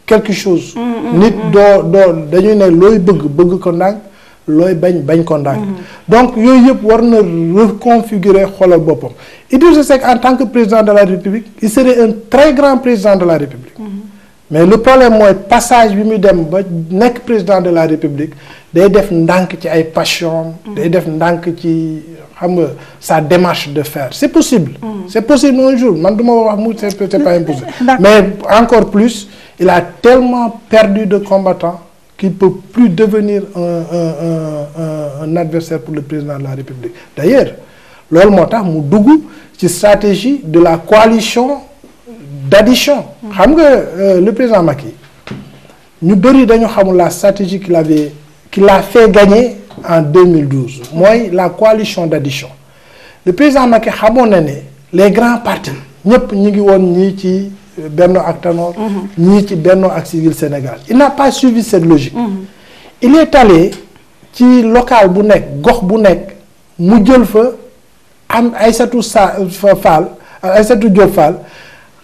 quelque chose mm-hmm, nit mm-hmm. doo doo dañu ne looy bëgg bëgg ko ndànk looy bañ bañ ko ndànk donc yooyu yëpp war na reconfigurer xoolal boppam Idrissa Seck en tant que président de la République il serait un très grand président de la République mais le problème mooy passage bi mu dem ba nekk président de la république day def ndànk ci ay passion day def ndànk ci xam nga sa démarche de faire c'est possible mm. c'est possible un jour man du ma wax mu c'est pas impossible mais encore plus il a tellement perdu de combattants qu'il peut plus devenir un un un un adversaire pour le président de la république d'ailleurs loolu moo tax mu dugg ci stratégie de la coalition d'addition. xam nga euh, le président yi ñu bëri dañu xamul la stratégie qu'il avait qu'il a fait gagner en 2012 mooy la coalition d'addition le président Macky xamoon na ne les grands partis ñëpp ñu ngi woon ñii ci euh, Benno ak Tanor. Mhm. ñii ci Benno ak Siggil Sénégal il n'a pas suivi cette logique. Mhm. il est allé ci local bu nekk gox bu nekk mu jël fa am Aïssatou Sa Fall Aïssatou Diop Fall.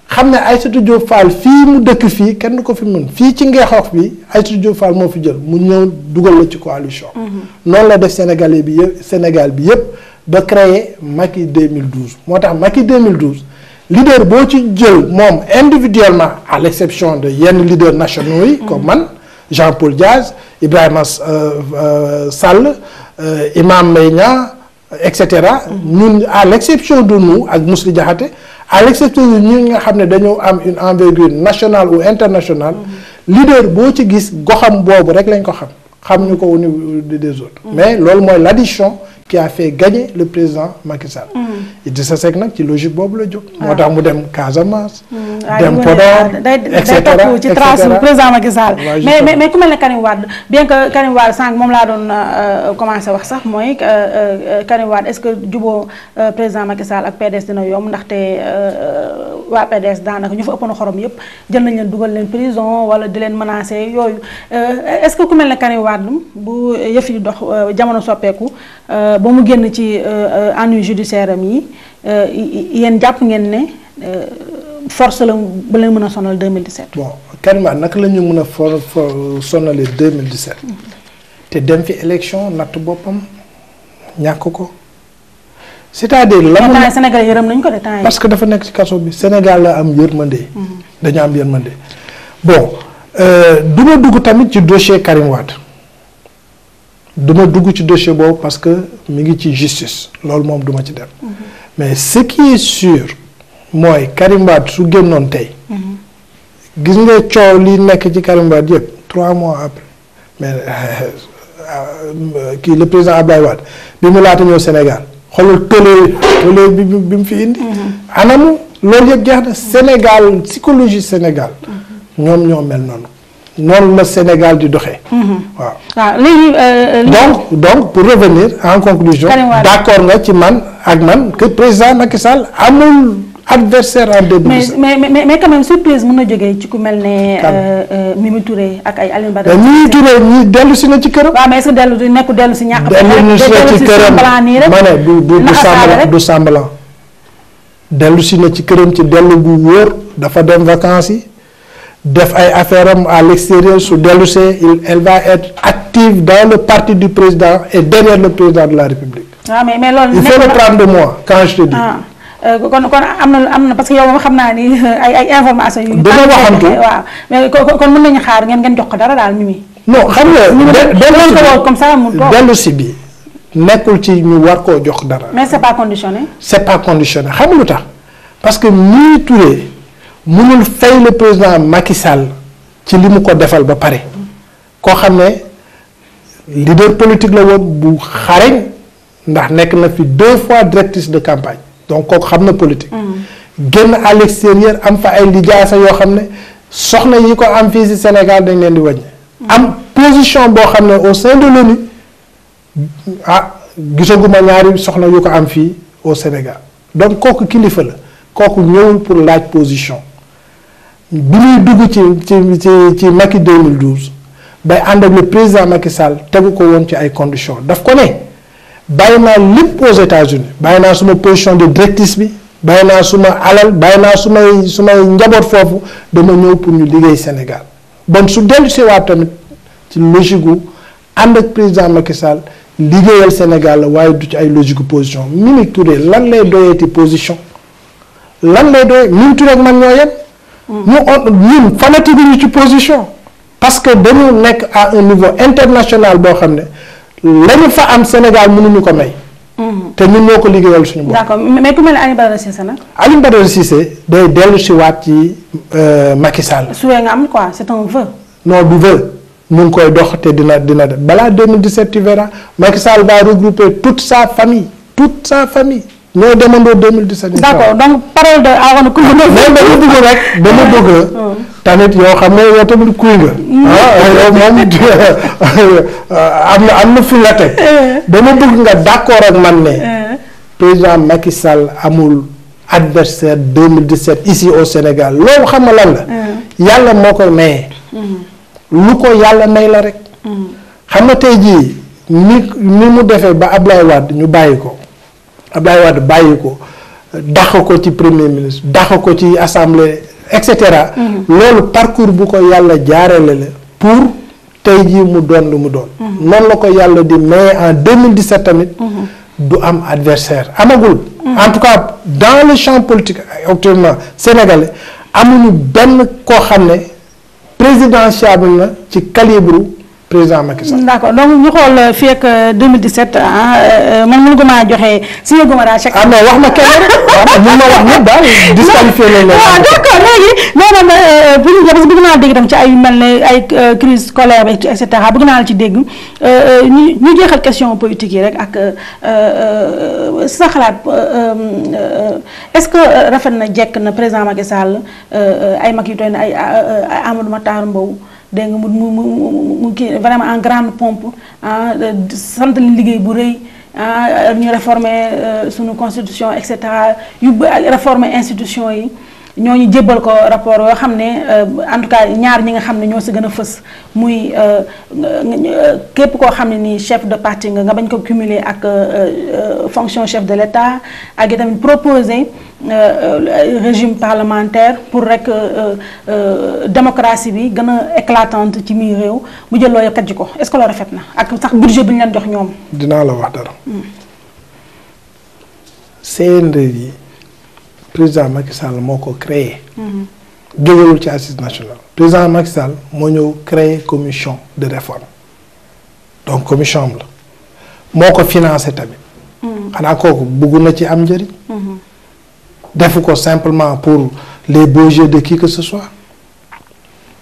xam ne ay Diop Fall fii mu dëkk fii kenn du ko fi mën fii ci ngeexoox bi Aïssatou Diop Fall moo fi jël mu ñëw dugal la ci coalition. Mhm. noonu la def Sénégalais bi yëpp Sénégal bi yëpp ba créer Macky 2012 moo tax Macky 2012 leader boo ci jël moom individuellement à l'exception de yenn leaders nationaux yi. ko mhm. man Jean-Paul Diaz Ibrahima euh, euh, Sall euh, Imam Mbaye Niang et cetera. Mhm. ñun à l'exception de nous ak Mously Diakhaté à l'exception de ñi nga xam ne dañoo am une envergure nationale ou internationale leader boo ci gis goxam boobu rek lañ ko xam xam ñu ko au niveau des autres mm. mais loolu mooy l'addition qui a fait gagner le président Macky Sall. Mm. Idrissa Seck nag ci logique boobu la jóg. moo ah. tax mu dem Casamance. Mm. Ah, dem Podor et cetera day ci trace bu président Macky Sall. mais mais mais ku mel ne Karim Wade moom laa doon euh, euh, commencé wax sax mooy euh, Karim Wade est-ce que juboo président Macky Sall ak PDS dina yomb ndaxte waa PDS daanaka ñu fa ëppoon xorom yëpp jël nañ leen dugal leen prison wala di leen menacé yooyu est-ce que ku mel ne Karim Wade bu yëf yi jamono soppeeku. Euh, ba mu génn ci ennui euh, euh, judiciaire am yi yéen jàpp ngeen ne force la ba leen mën a sonal 2017. bon carrément naka la ñu mën a for for sonalee 2017. te dem fi élection natt boppam ñàkk ko. c'est-à-dire la mu Sénégal yërëm nañ ko de temps parce que dafa nekk ci kaso bi Sénégal la am yërmande. Mhm. dañu am yërmande bon du ma dugg tamit ci dossier Karim duma dugg ci dossier boobu parce que mi ngi ci justice loolu moom duma ci dem mhm. mais ce qui mooy Karim su génnoon tey mhm. gis nga coow li nekk ci Karim Wade yëpp trois mois après mais euh, euh, kii le président Abdoulaye Wade bi mu laata ñëw Sénégal xoolal tolloo tolloo bi bi mu fi indi. Mhm. anamu loolu yëpp jeex na Sénégal psychologie Sénégal ñoom ñoo mel noonu. noonu la Sénégal di doxe mhm. waaw waaw euh, euh, léegi. donc donc pour revenir en conclusion. d'accord nga ci man ak man que président Macky Sall amul adversaire en de mais mais mais mais quand même surprise na jógee ci ku mel ne. Euh, Mimi Touré ak ay Alioune Badara. mais Mimi Touré ci këram. waaw mais dellu si ñàkk. dellu si na ci këram ma ne du du du semblant du semblant dellu ci këram ci dellu bu wóor dafa dem vacances yi. def ay affaire am à l'extérieur su dellusee il elle va être active dans le parti du président et derrière le président de la République. waaw ah, mais mais loolu. il faut prendre de moi te dis. Ah, euh, kon kon am na am na parce que yow moom xam naa ni ay information yu. dina waxantu waaw mais kon mën nañu xaar ngeen ngeen jox ko dara daal Mimi. non xam nga. dellusi comme ça mu toog dellusi bi nekkul ci ñu war koo jox dara. mais c'est pas conditionné. c'est pas conditionné xam parce que mënul fay le président Macky Sall ci li mu ko defal ba pare koo xam ne leader politique la woon bu xarañ ndax nekk na fi deux fois directrice de campagne donc kooku xam na politique. Mm. génn alex l'extérieur am fa ay lijaasa yoo xam ne soxna yi ko am fii ci Sénégal dañ leen di wàññi. Mm. am position boo xam ne au sein de l'ONU ah gisaguma ñaari soxna yu ko am fii au Sénégal donc kooku kilifa la kooku ñëwul pour laaj position. bi muy dugg ci ci ci ci Macky 2012 bay ànd ak le président Macky Sall tegu ko woon ci ay conditions daf ko ne bàyyi naa lépp aux États-Unis bàyyi naa suma position de directrice bi bàyyi naa suma alal bàyyi naa sumay sumay njaboot foofu dama ñëw pour ñu liggéey Sénégal bon su dellu si waat tamit ci logique gu ànd ak président Macky Sall liggéeyal Sénégal la waaye du ci ay logique gu position Mimi Touré lan lay doyeeti position lan lay doyee Mimi Touré ñu on ñun fanatique ñu ci position parce que dañu nekk à un niveau international boo xam ne la fa am Sénégal mënuñu ko may. Mm-hmm. te ñun ñoo ko liggéeyal suñu bopp. d'accord mais ku ne Alioune Badara Cissé nag. Alioune Badara Cissé day dellu si waat ci euh, Macky Sall. suwee nga am ko c'est un vœu. non du vœu ñu ngi koy dox te dina dina balaa 2017 tu verras Macky Sall va regrouper tout sa famille tout sa famille. ñoo demandoo 2017. d'accord donc parole de Arona Coumba ah, Ndoffène. mais dama rek dama bëgg. tamit yoo xam ne yow tamit kuy nga. Mm. Ah, euh, am na am na fi nga teg. Eh. dama bëgg nga d'accord ak man ne. Eh. président Macky amul adversaire 2017 ici au Sénégal loolu xam na lan la. Eh. yàlla moo koy maye. Mm-hmm. lu ko yàlla may la rek. Mm-hmm. xam nga tey jii ni ni mu defee ba Ablaye Wade ñu bàyyi ko. Ablaye Wade bàyyi ko dax ko ci premier ministre dax ko ci assemblée et cetera. Mhm. loolu parcours bu ko yàlla jaarale la pour tey ji mu doon lu mu doon. Mhm. noonu la ko yàlla di mais en 2017 tamit. Mhm. du am adversaire amagul. en tout cas dans le champ politique actuellement sénégalais amuñu benn koo xam ne présidentiable na ci calibre. président Macky Sall. d' accord donc ñu xool euh, fii ak 2017 euh, ah euh, man mënu ko maa joxe suñu gomara chèque. ah non wax na kenn rek ah, mun ma wax ñëpp daal disqualifié la. waaw d' léegi non bu ñu parce naa dégg tam ci ay mel ne ay crise scolaire et bëgg naa ci dégg ñu ñu jeexal question politique yi rek ak sa xalaat est ce que rafet na jekk na président Macky Sall ay mag yu doy na ay Amadou Matar dégg nga mu mu mu mu kii vraiment en grande pompe ah sant leen liggéey bu rëy ah ñu réformer euh, sunu constitution et cetera yu ba réformer institution yi. ñooñu jébbal ko rapport yoo xam ne euh, en tout cas ñaar ñi nga xam ne ñoo si gën a fës muy euh, képp koo xam ne nii chef de parti nga nga bañ ko cumuler ak euh, fonction chef de l'État ak itamit proposer régime parlementaire pour rek démocratie bi gën a éclatante ci muy réew mu jël loo kat ji ko est-ce que loolu rafet na ak sax budget bi ñu leen jox ñoom. dinaa la wax dara. Hmm. CNRI. président Macky Sall moo ko créé. Mhm. jógewul ci assise nationale. président Macky Sall moo ñëw créé commission de réforme donc commission am la moo ko financé tamit. Mhm. xanaa kooku bëgg na ci am njëriñ. Mhm. defu ko simplement pour les beaux yeux de qui que ce soit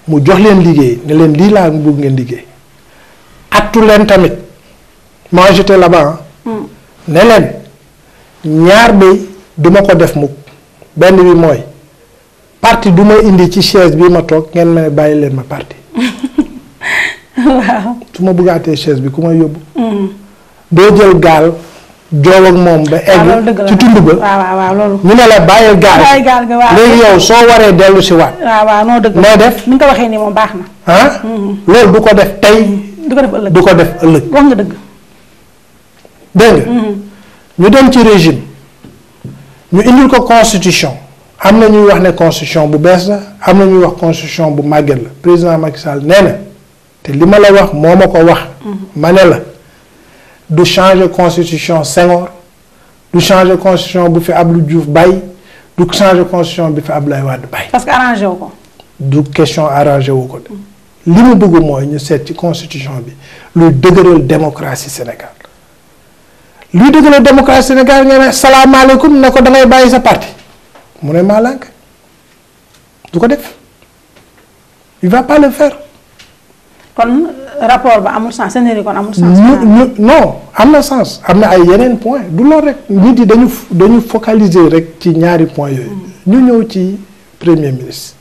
mu jox leen liggéey ne leen lii laa bëgg ngeen liggéey attu leen tamit moi j'étais là-bas ne leen ñaar bi duma ko def mukk benn bi mooy parti du ma indi ci chaise bi ma toog ngeen ma ne bàyyi leen ma parti waaw su ma bëggaatee chaise bi ku may yóbbu. Mm. doo jël gaal joow ak moom ba egg ci tund ba waaw ñu ne la bàyyi gaal ga waaw léegi yow soo waree dellu si waat. waaw waaw noo dëgg noo def ni nga ko waxee nii moom baax na. ah mm-hmm. loolu du ko def tey. du ko def ëllëg du ko def ëllëg. wax nga dëgg. dégg mm-hmm. ñu dem ci régime. ñu indil ko constitution am na ñuy wax ne constitution bu bees la am na ñuy wax constitution bu màgget la président Macky Sall nee na te li ma la wax moo ma ko wax. Mhm. ma ne la du changer constitution Senghor du changer constitution bu fi Abdou Diouf bàyyi du changer constitution bi fi Abdoulaye Wade bàyyi. parce que arrangé wu ko. du question arrangé wu ko de. li mu bëgg mooy ñu seet ci constitution bi luy dëgëral démocratie Sénégal. luy dëggal démocratie Sénégal nga ne salaamaaleykum ne ko dangay bàyyi sa parti mu ne maa du ko def il va pas le kon rapport ba amul sens seen kon amul sens. non am na sens am na ay yeneen point du loolu rek nit yi dañu dañu focaliser rek ci ñaari point yooyu. Mm. ñu ñëw ci premier ministre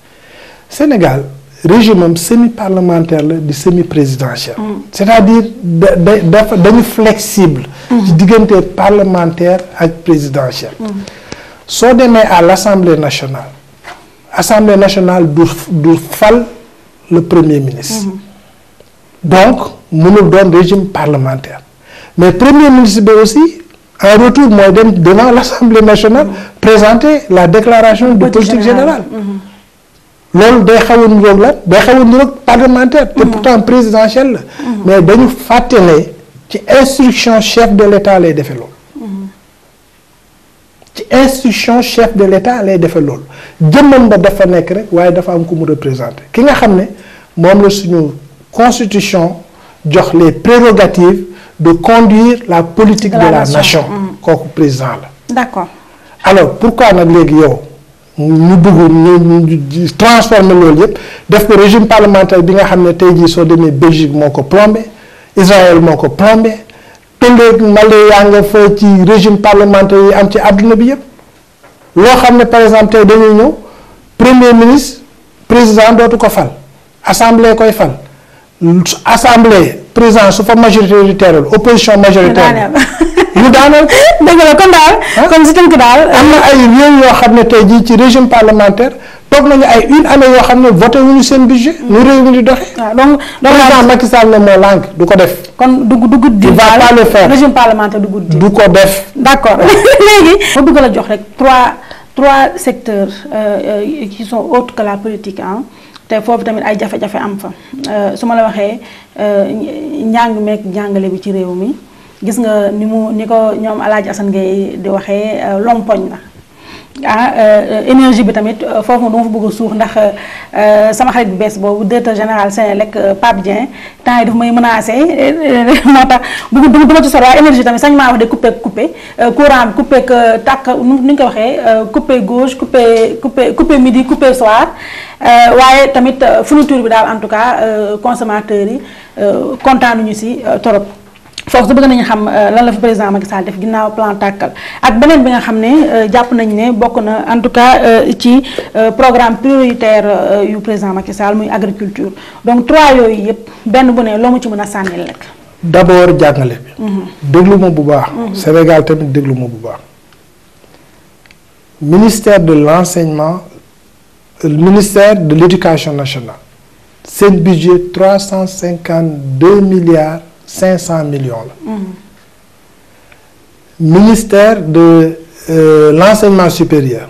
Sénégal. régime am semi parlementaire la di semi présidentiel. Mm. c' est à dire da dafa dañu flexible. Mm. ci diggante parlementaire ak présidentiel. Mm. soo demee à l' assemblée nationale. assemblée nationale du du fal le premier ministre. Mm-hmm. donc mënul doon régime parlementaire mais premier ministre bi aussi. en retour mooy dem devant l'Assemblée nationale présenter la déclaration de politique générale mm-hmm. loolu day xaw a niroog la day xaw a niroog parlementaire. te mhm. pourtant présidentiel la. Mhm. mais dañu fàtte ne ci instruction chef de l' lay defee loolu. Mhm. ci instruction chef de l' lay defee loolu jëmmam ba dafa nekk rek waaye dafa am ku mu représenté ki nga xam ne moom la suñu constitution jox les prérogatives de conduire la politique de la nation kooku président la. d' accord alors pourquoi nag léegi yow. ñu bëgg ñu transformer loolu yëpp def ko régime parlementaire bi nga xam ne tey jii soo demee Belgique moo ko plombé Israël moo ko plombé tëngeeg Mali yaa nga fa ci régime parlementaire yi am ci àdduna bi yëpp loo xam ne par exemple tey dañuy ñëw premier ministre président dootu ko fal assemblée koy fal assemblée président su fa majoritaire opposition majoritaire mu daaneel ko. dëgg la kon daal kon si tënk daal. am na ay réew yoo xam ne tey jii ci régime parlementaire toog nañu ay une année yoo xam ne voté wuñu seen budget. nu réew mi di doxee. waaw ah, donc donc président du ko def. kon dugg dugg di. va pas le faire régime parlementaire dugg di. du ko def. d' accord léegi. bu bëgg la jox rek trois trois secteurs euh, euh, qui sont autres que la politique ah. te foofu tamit ay jafe-jafe am fa euh, su ma la waxee njàng meek njàngale bi ci réew mi. gis nga ni mu ni ko ñoom Alaaji Assane Gueye di waxee euh, lompoñ la ah euh, énergie bi tamit euh, foofu dama fa bëgg a suux ndax sama xarit bu bees boobu directeur général Sénélec Pape Dieng temps yi daf may menacé moo tax bu du ma ci sor waaye tamit sañ maa de coupé coupé courant bi coupé tàkk nu ñu ko waxee coupé gauche coupé coupé coupé midi coupé soir waaye tamit fourniture bi daal en tout cas consommateurs yi kontaanuñu si torop foofu bëgg nañu xam euh, lan la fa président Macky Sall def ginnaaw plan tàkkal ak beneen bi nga xam ne euh, jàpp nañ ne bokk na en tout cas euh, ci programme prioritaire yu président Macky Sall muy agriculture donc trois yooyu yëpp benn bu ne loo mu ci mën a sànnil rek. d' abord jàngale bi. Mhm. déglu ma bu baax. Mhm. Sénégal tamit déglu ma bu baax. ministère de l' enseignement ministère de l' éducation nationale seen budget trois cent cinquante deux milliards. cinq cent millions la. ministère de euh, l'enseignement supérieur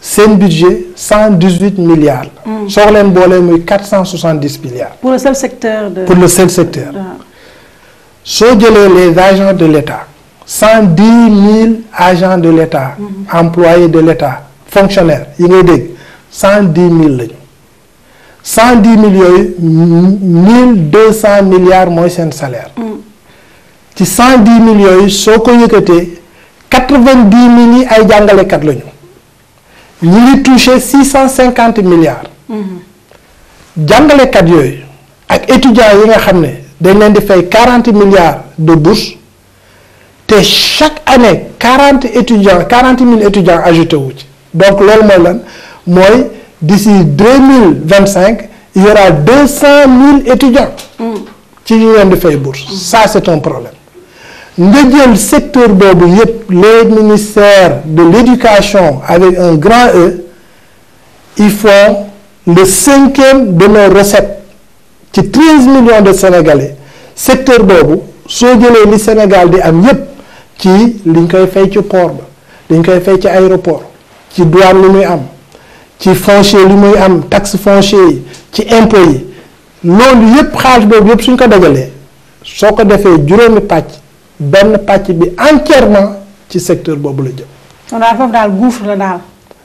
seen budget cent dix huit milliards. Mm. soo leen boolee muy quatre cent soixante dix milliards. pour le seul secteur de. le seul secteur. Ah. soo jëlee les agents de l'État cent dix mille agents de l'État. Mm-hmm. employés de l'État fonctionnaires yi ngay dégg cent dix mille lañu. cent dix mille deux cent milliards mooy seen salaire. Mm. ci cent dix mille yooyu soo ko yëkkatee vingt dix mille yi ay jàngalekat lañu ñu ngi touché six cent cinquante milliards. Mm-hmm. jàngalekat yooyu ak étudiants yi nga xam ne dañ leen di fay milliar de bourse te chaque année quarante étudiants quarante mille étudiants ajouté wu ci donc loolu mooy lan mooy. d'ici 2025 il y aura 200 000 étudiants. ci ñu leen di fay bourse. ça c'est un problème. nga jël secteur boobu yépp les ministères de l'éducation avec un grand E ils font le cinquième de nos recettes ci 13 millions de Sénégalais secteur boobu soo jëlee li Sénégal di am yépp ci liñ koy fay ci port ba liñ koy fay ci aéroport ci douane lu muy am. ci foncier li muy am taxe foncier yi ci impôt yi loolu yépp xaalis boobu yépp suñ ko dajalee soo ko defee juróomi pàcc benn pàcc bi entièrement ci secteur boobu la jëm. kon daal daal gouffre la daal.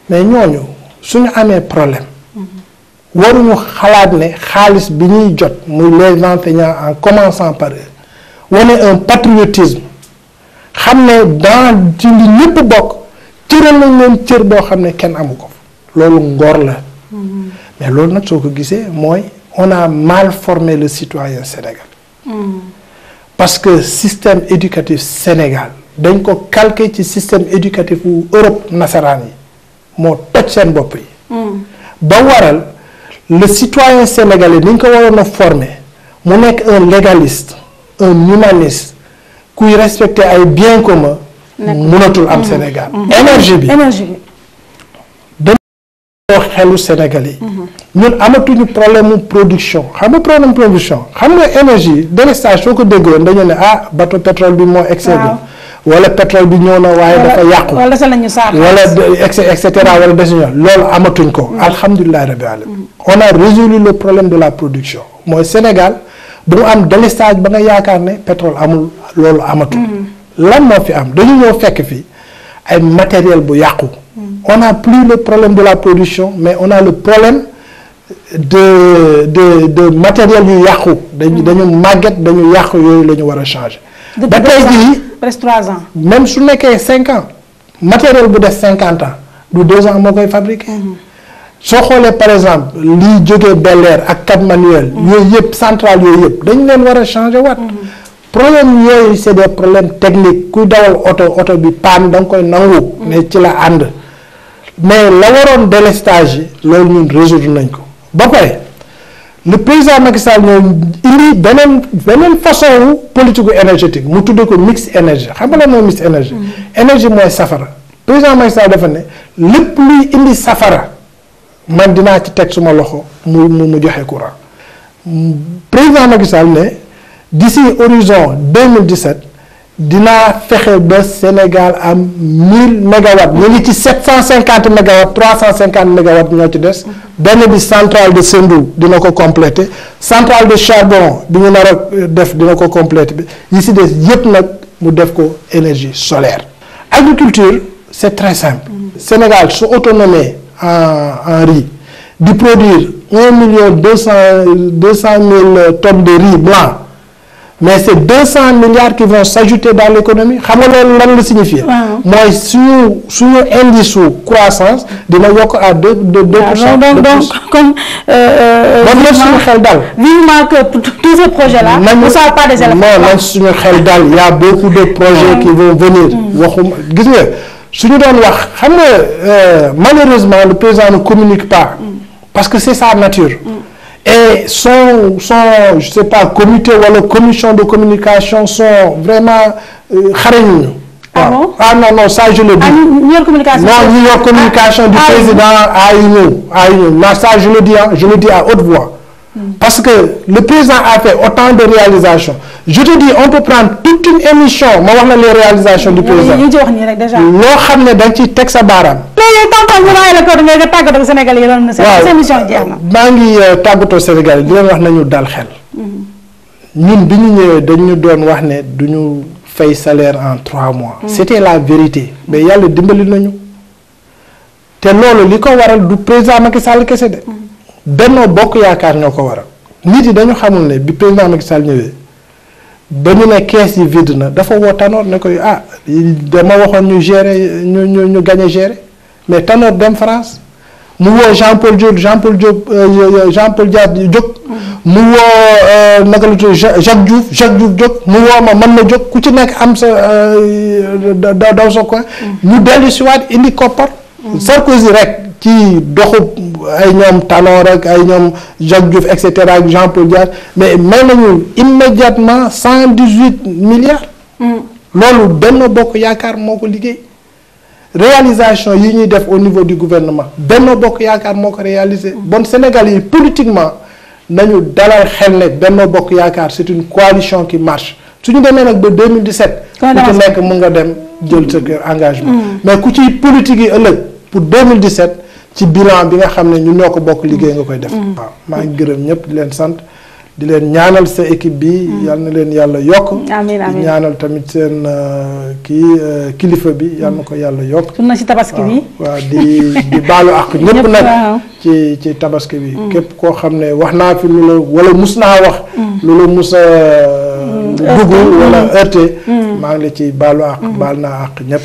mais ñooñu suñu amee problème. waruñu xalaat ne xaalis bi ñuy jot muy les enseignants en commençant par wane un patriotisme xam ne dans ci li ñëpp bokk cëral nañ leen cër boo xam ne kenn amu ko. loolu ngoor la mm-hmm. mais loolu nag soo ko gisee mooy on a mal formé le citoyen Sénégal mm-hmm. parce que système éducatif Sénégal dañ ko calqué ci système éducatif wu Europe nasaraan yi moo toj seen bopp yi mm-hmm. ba waral le citoyen sénégalais ni ko waroon a formé mu nekk un légaliste un humaniste kuy respecter ay biens communs. mënatul am Sénégal énergie bi loo xelu Sénégalais yi. ñun amatuñu problème production xam nga problème production xam nga énergie délestage soo ko déggoon dañu ne ah bateau pétrole bi moo excédé. wala pétrole bi ñëw na waaye dafa yàqu. wala sa lañu saako wala et cetera wala des na loolu amatuñ ko. Mm-hmm. alhamdulilah rabbi alamin on a résolu le problème de la production mooy Sénégal bu mu am délestage ba nga yaakaar ne pétrole amul loolu amatul. Mm-hmm. lan moo fi am dañu ñëw fekk fi ay matériel bu yàqu. Mm. on n'a plus le problème de la pollution mais on a le problème de de matériel yu yàqu. dañu mm. dañu màgget dañu yàqu yooyu lañu war a changer. ba tey trois ans. même su nekkee cinq ans matériel bu def cinquante ans du deux ans moo koy fabriquer. Mm-hmm. soo xoolee par exemple liy jógee Bel Air ak Cap Manuel. Mm-hmm. yooyu yëpp central yooyu yëpp dañu leen war a changer waat. Mm-hmm. problème yooyu c'est des problème techniques kuy dawal oto oto bi paan da nga koy nangu. mais ci la ànd. mais la waroon délestage yi loolu ñun résoudre nañ ko ba pare le président Macky Sall ñoom indi beneen beneen façon wu politique énergétique mu tuddee ko mix énergie xam nga lan mooy mix énergie. Mm. énergie mooy safara président Macky defa ne lépp luy indi safara man dinaa ci teg suma loxo mu mu mu joxe courant mm, président Macky Sall ne d'ici horizon 2017. dinaa fexe ba Sénégal am 1000 mégawatts ñu ngi ci 750 mégawatts 350 mégawatts ñoo ci des benn bi centrale de Sendou dina ko complété centrale de charbon bi ñu nar a euh, def dina ko complété bi yi si des yépp nag mu def ko énergie solaire. agriculture c'est très simple. Sénégal su autonomé en en riz di produire 1 million 200 de riz blanc. mais c'est 200 milliards qui vont s'ajouter dans l'économie xam nga loolu lan la signifier mooy suñu suñu indice croissance dina yokk à deux deux pour cent ah, donc donc kon. man euh, euh, la suñu xel dal. vivement que tous ces projets là. ne soient pas des éléments. non man suñu xel dal y a beaucoup de projets qui vont venir. Mm. waxuma gis nga suñu doon wax xam nga euh, malheureusement le président ne communique pas. Mm. parce que c'est sa nature. Mm. et son son je sais pas comité wala commission de communication sont vraiment euh, xarañ. ah bon ah non non ça je le dis. ah ñu yor communication. non ñu yor communication du ah, ah, président ay ñëw ay ñëw. là ça je le dis ah je le dis à haute voix. Parce que le président a fait autant de réalisations. Je te dis, on peut prendre toute une émission, moi, on les réalisations du président. Nous avons déjà. Nous avons dit texte à Baram. Bangi tagoto Sénégal, nous wax nañu dal xel. Mhm. Ñun ñu ñëwé dañu doon wax né duñu fay salaire en 3 mois. Mhm. C'était la vérité. Mais yàlla dimbali nañu. Té lolu liko waral du président Macky Sall kessé dé. Benno Bokk Yaakaar ñoo ko waral nit yi dañu xamul ne bi président Macky Sall ba ñu ne kees yi vide na dafa woo Tanor ne koy ah dama waxoon ñu gérer ñu ñu ñu gagné gérer mais Tanor dem France mu woo Jean Paul Diop Jean Paul Diop euh, euh, Jean Paul Diop mu woo euh, naka la tudd Jacques Diouf Jacques mu woo ma man ma jóg ku ci nekk am sa daw sa coin ñu mm. dellu si waat indi koppar. Sarkozy rek ci doxu ay ñoom Tanor rek ay ñoom Jacques Diouf et cetera ak Jean-Paul Dias mais may nañu immédiatement cent dix-huit milliards. Mm. loolu benn bokk yaakaar moo ko liggéey. réalisation yi ñuy def au niveau du gouvernement Benno Bokk Yaakaar moo ko réalisé mm. bon Sénégal yi politiquement nañu dalal xel ne Benno Bokk Yaakaar c'est une coalition qui marche su ñu demee nag ba 2017. ku ci nekk mun nga dem jël sa mm. engagement. mais ku ci politique yi ëllëg. pour 2017 ci bilan bi nga xam ne ñu noo ko bokk liggéey nga koy def. Mm. waaw maa ngi gërëm ñëpp di leen sant di leen ñaanal sa équipe bi. Mm. yal na leen yàlla yokk. ñaanal tamit seen euh, kii euh, kilifa bi mm. yal na ko yàlla yokk. na ci tabaski bi waaw di di baalu ak ñëpp nag. ci ci tabaski bi. képp koo xam ne wax naa fi lu la wala mus naa wax. lu la mus dugg wala heurté. maa ngi la ci baalu ak baal naa ak ñëpp.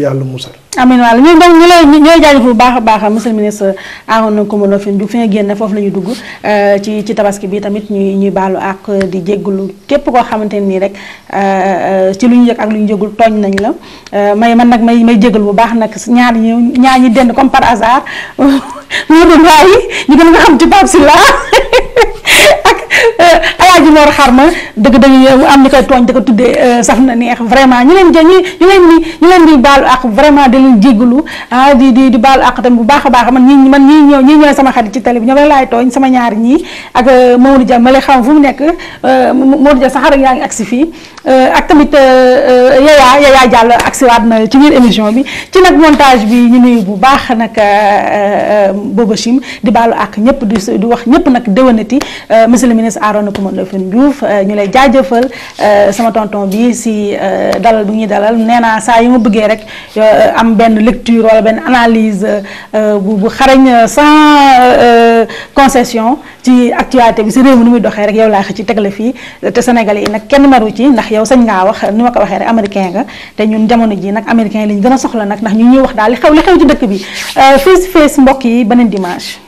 yàlla musal. amin wàll ñun donc ñu lay ñooy jaajëfal bu baax a baax monsieur le ministre Arona Coumba Ndoffène Diouf fi nga génn foofu la dugg euh, ci ci tabaski bi tamit ñuy ñuy baalu ak di jéggalu képp koo xamante ne nii rek euh, ci lu ñu yëg ak lu ñu jégul tooñ nañ la euh, may man nag may may jégalu bu baax nag ñaar ñu ñaar ñi dend comme par hasard moo doon ñu gën nga xam ci Pape Sylla alaaji Mor xar ma dëgg dañuy am ñu koy tooñ da ko tuddee euh, saf na neex vraiment ñu leen ñu ñu leen di baalu ak vraiment di leen jéggalu ah di di di baalu ak tamit bu baax a baax man ñi man ñii ñëw ñii ñooy sama xarit ci bi ñoo leen laay tooñ sama ñaari ñii ak euh, Maodo ma lay xam fu mu nekk euh, Maodo Dia sa xarit yaa ngi agsi fii ak tamit Yaya Yaya Diallo agsi waat na ci biir émission bi ci nag montage bi ñu nuyu bu baax nag Bobo Chim di baalu ak ñëpp di di wax ñëpp nag déwénati monsieur ministre Arona Coumba Ndoffène Diouf euh, ñu lay jaajëfal euh, sama tonton bi si euh, dalal bi ñuy dalal nee naa saa yi ma bëggee rek am benn lecture wala benn analyse bu bu xarañ sans concession ci actualité bi si réew mi nu muy doxee rek yow laa xëcc ci teg la fii te sénégalais yi nag kenn meru ci ndax yow sañ ngaa wax ni ma ko waxee rek américain nga te ñun jamono ji nag américain lañ gën a soxla nag ndax ñu ñuy wax daal li xew li xew ci dëkk bi face face mbokk yi beneen dimanche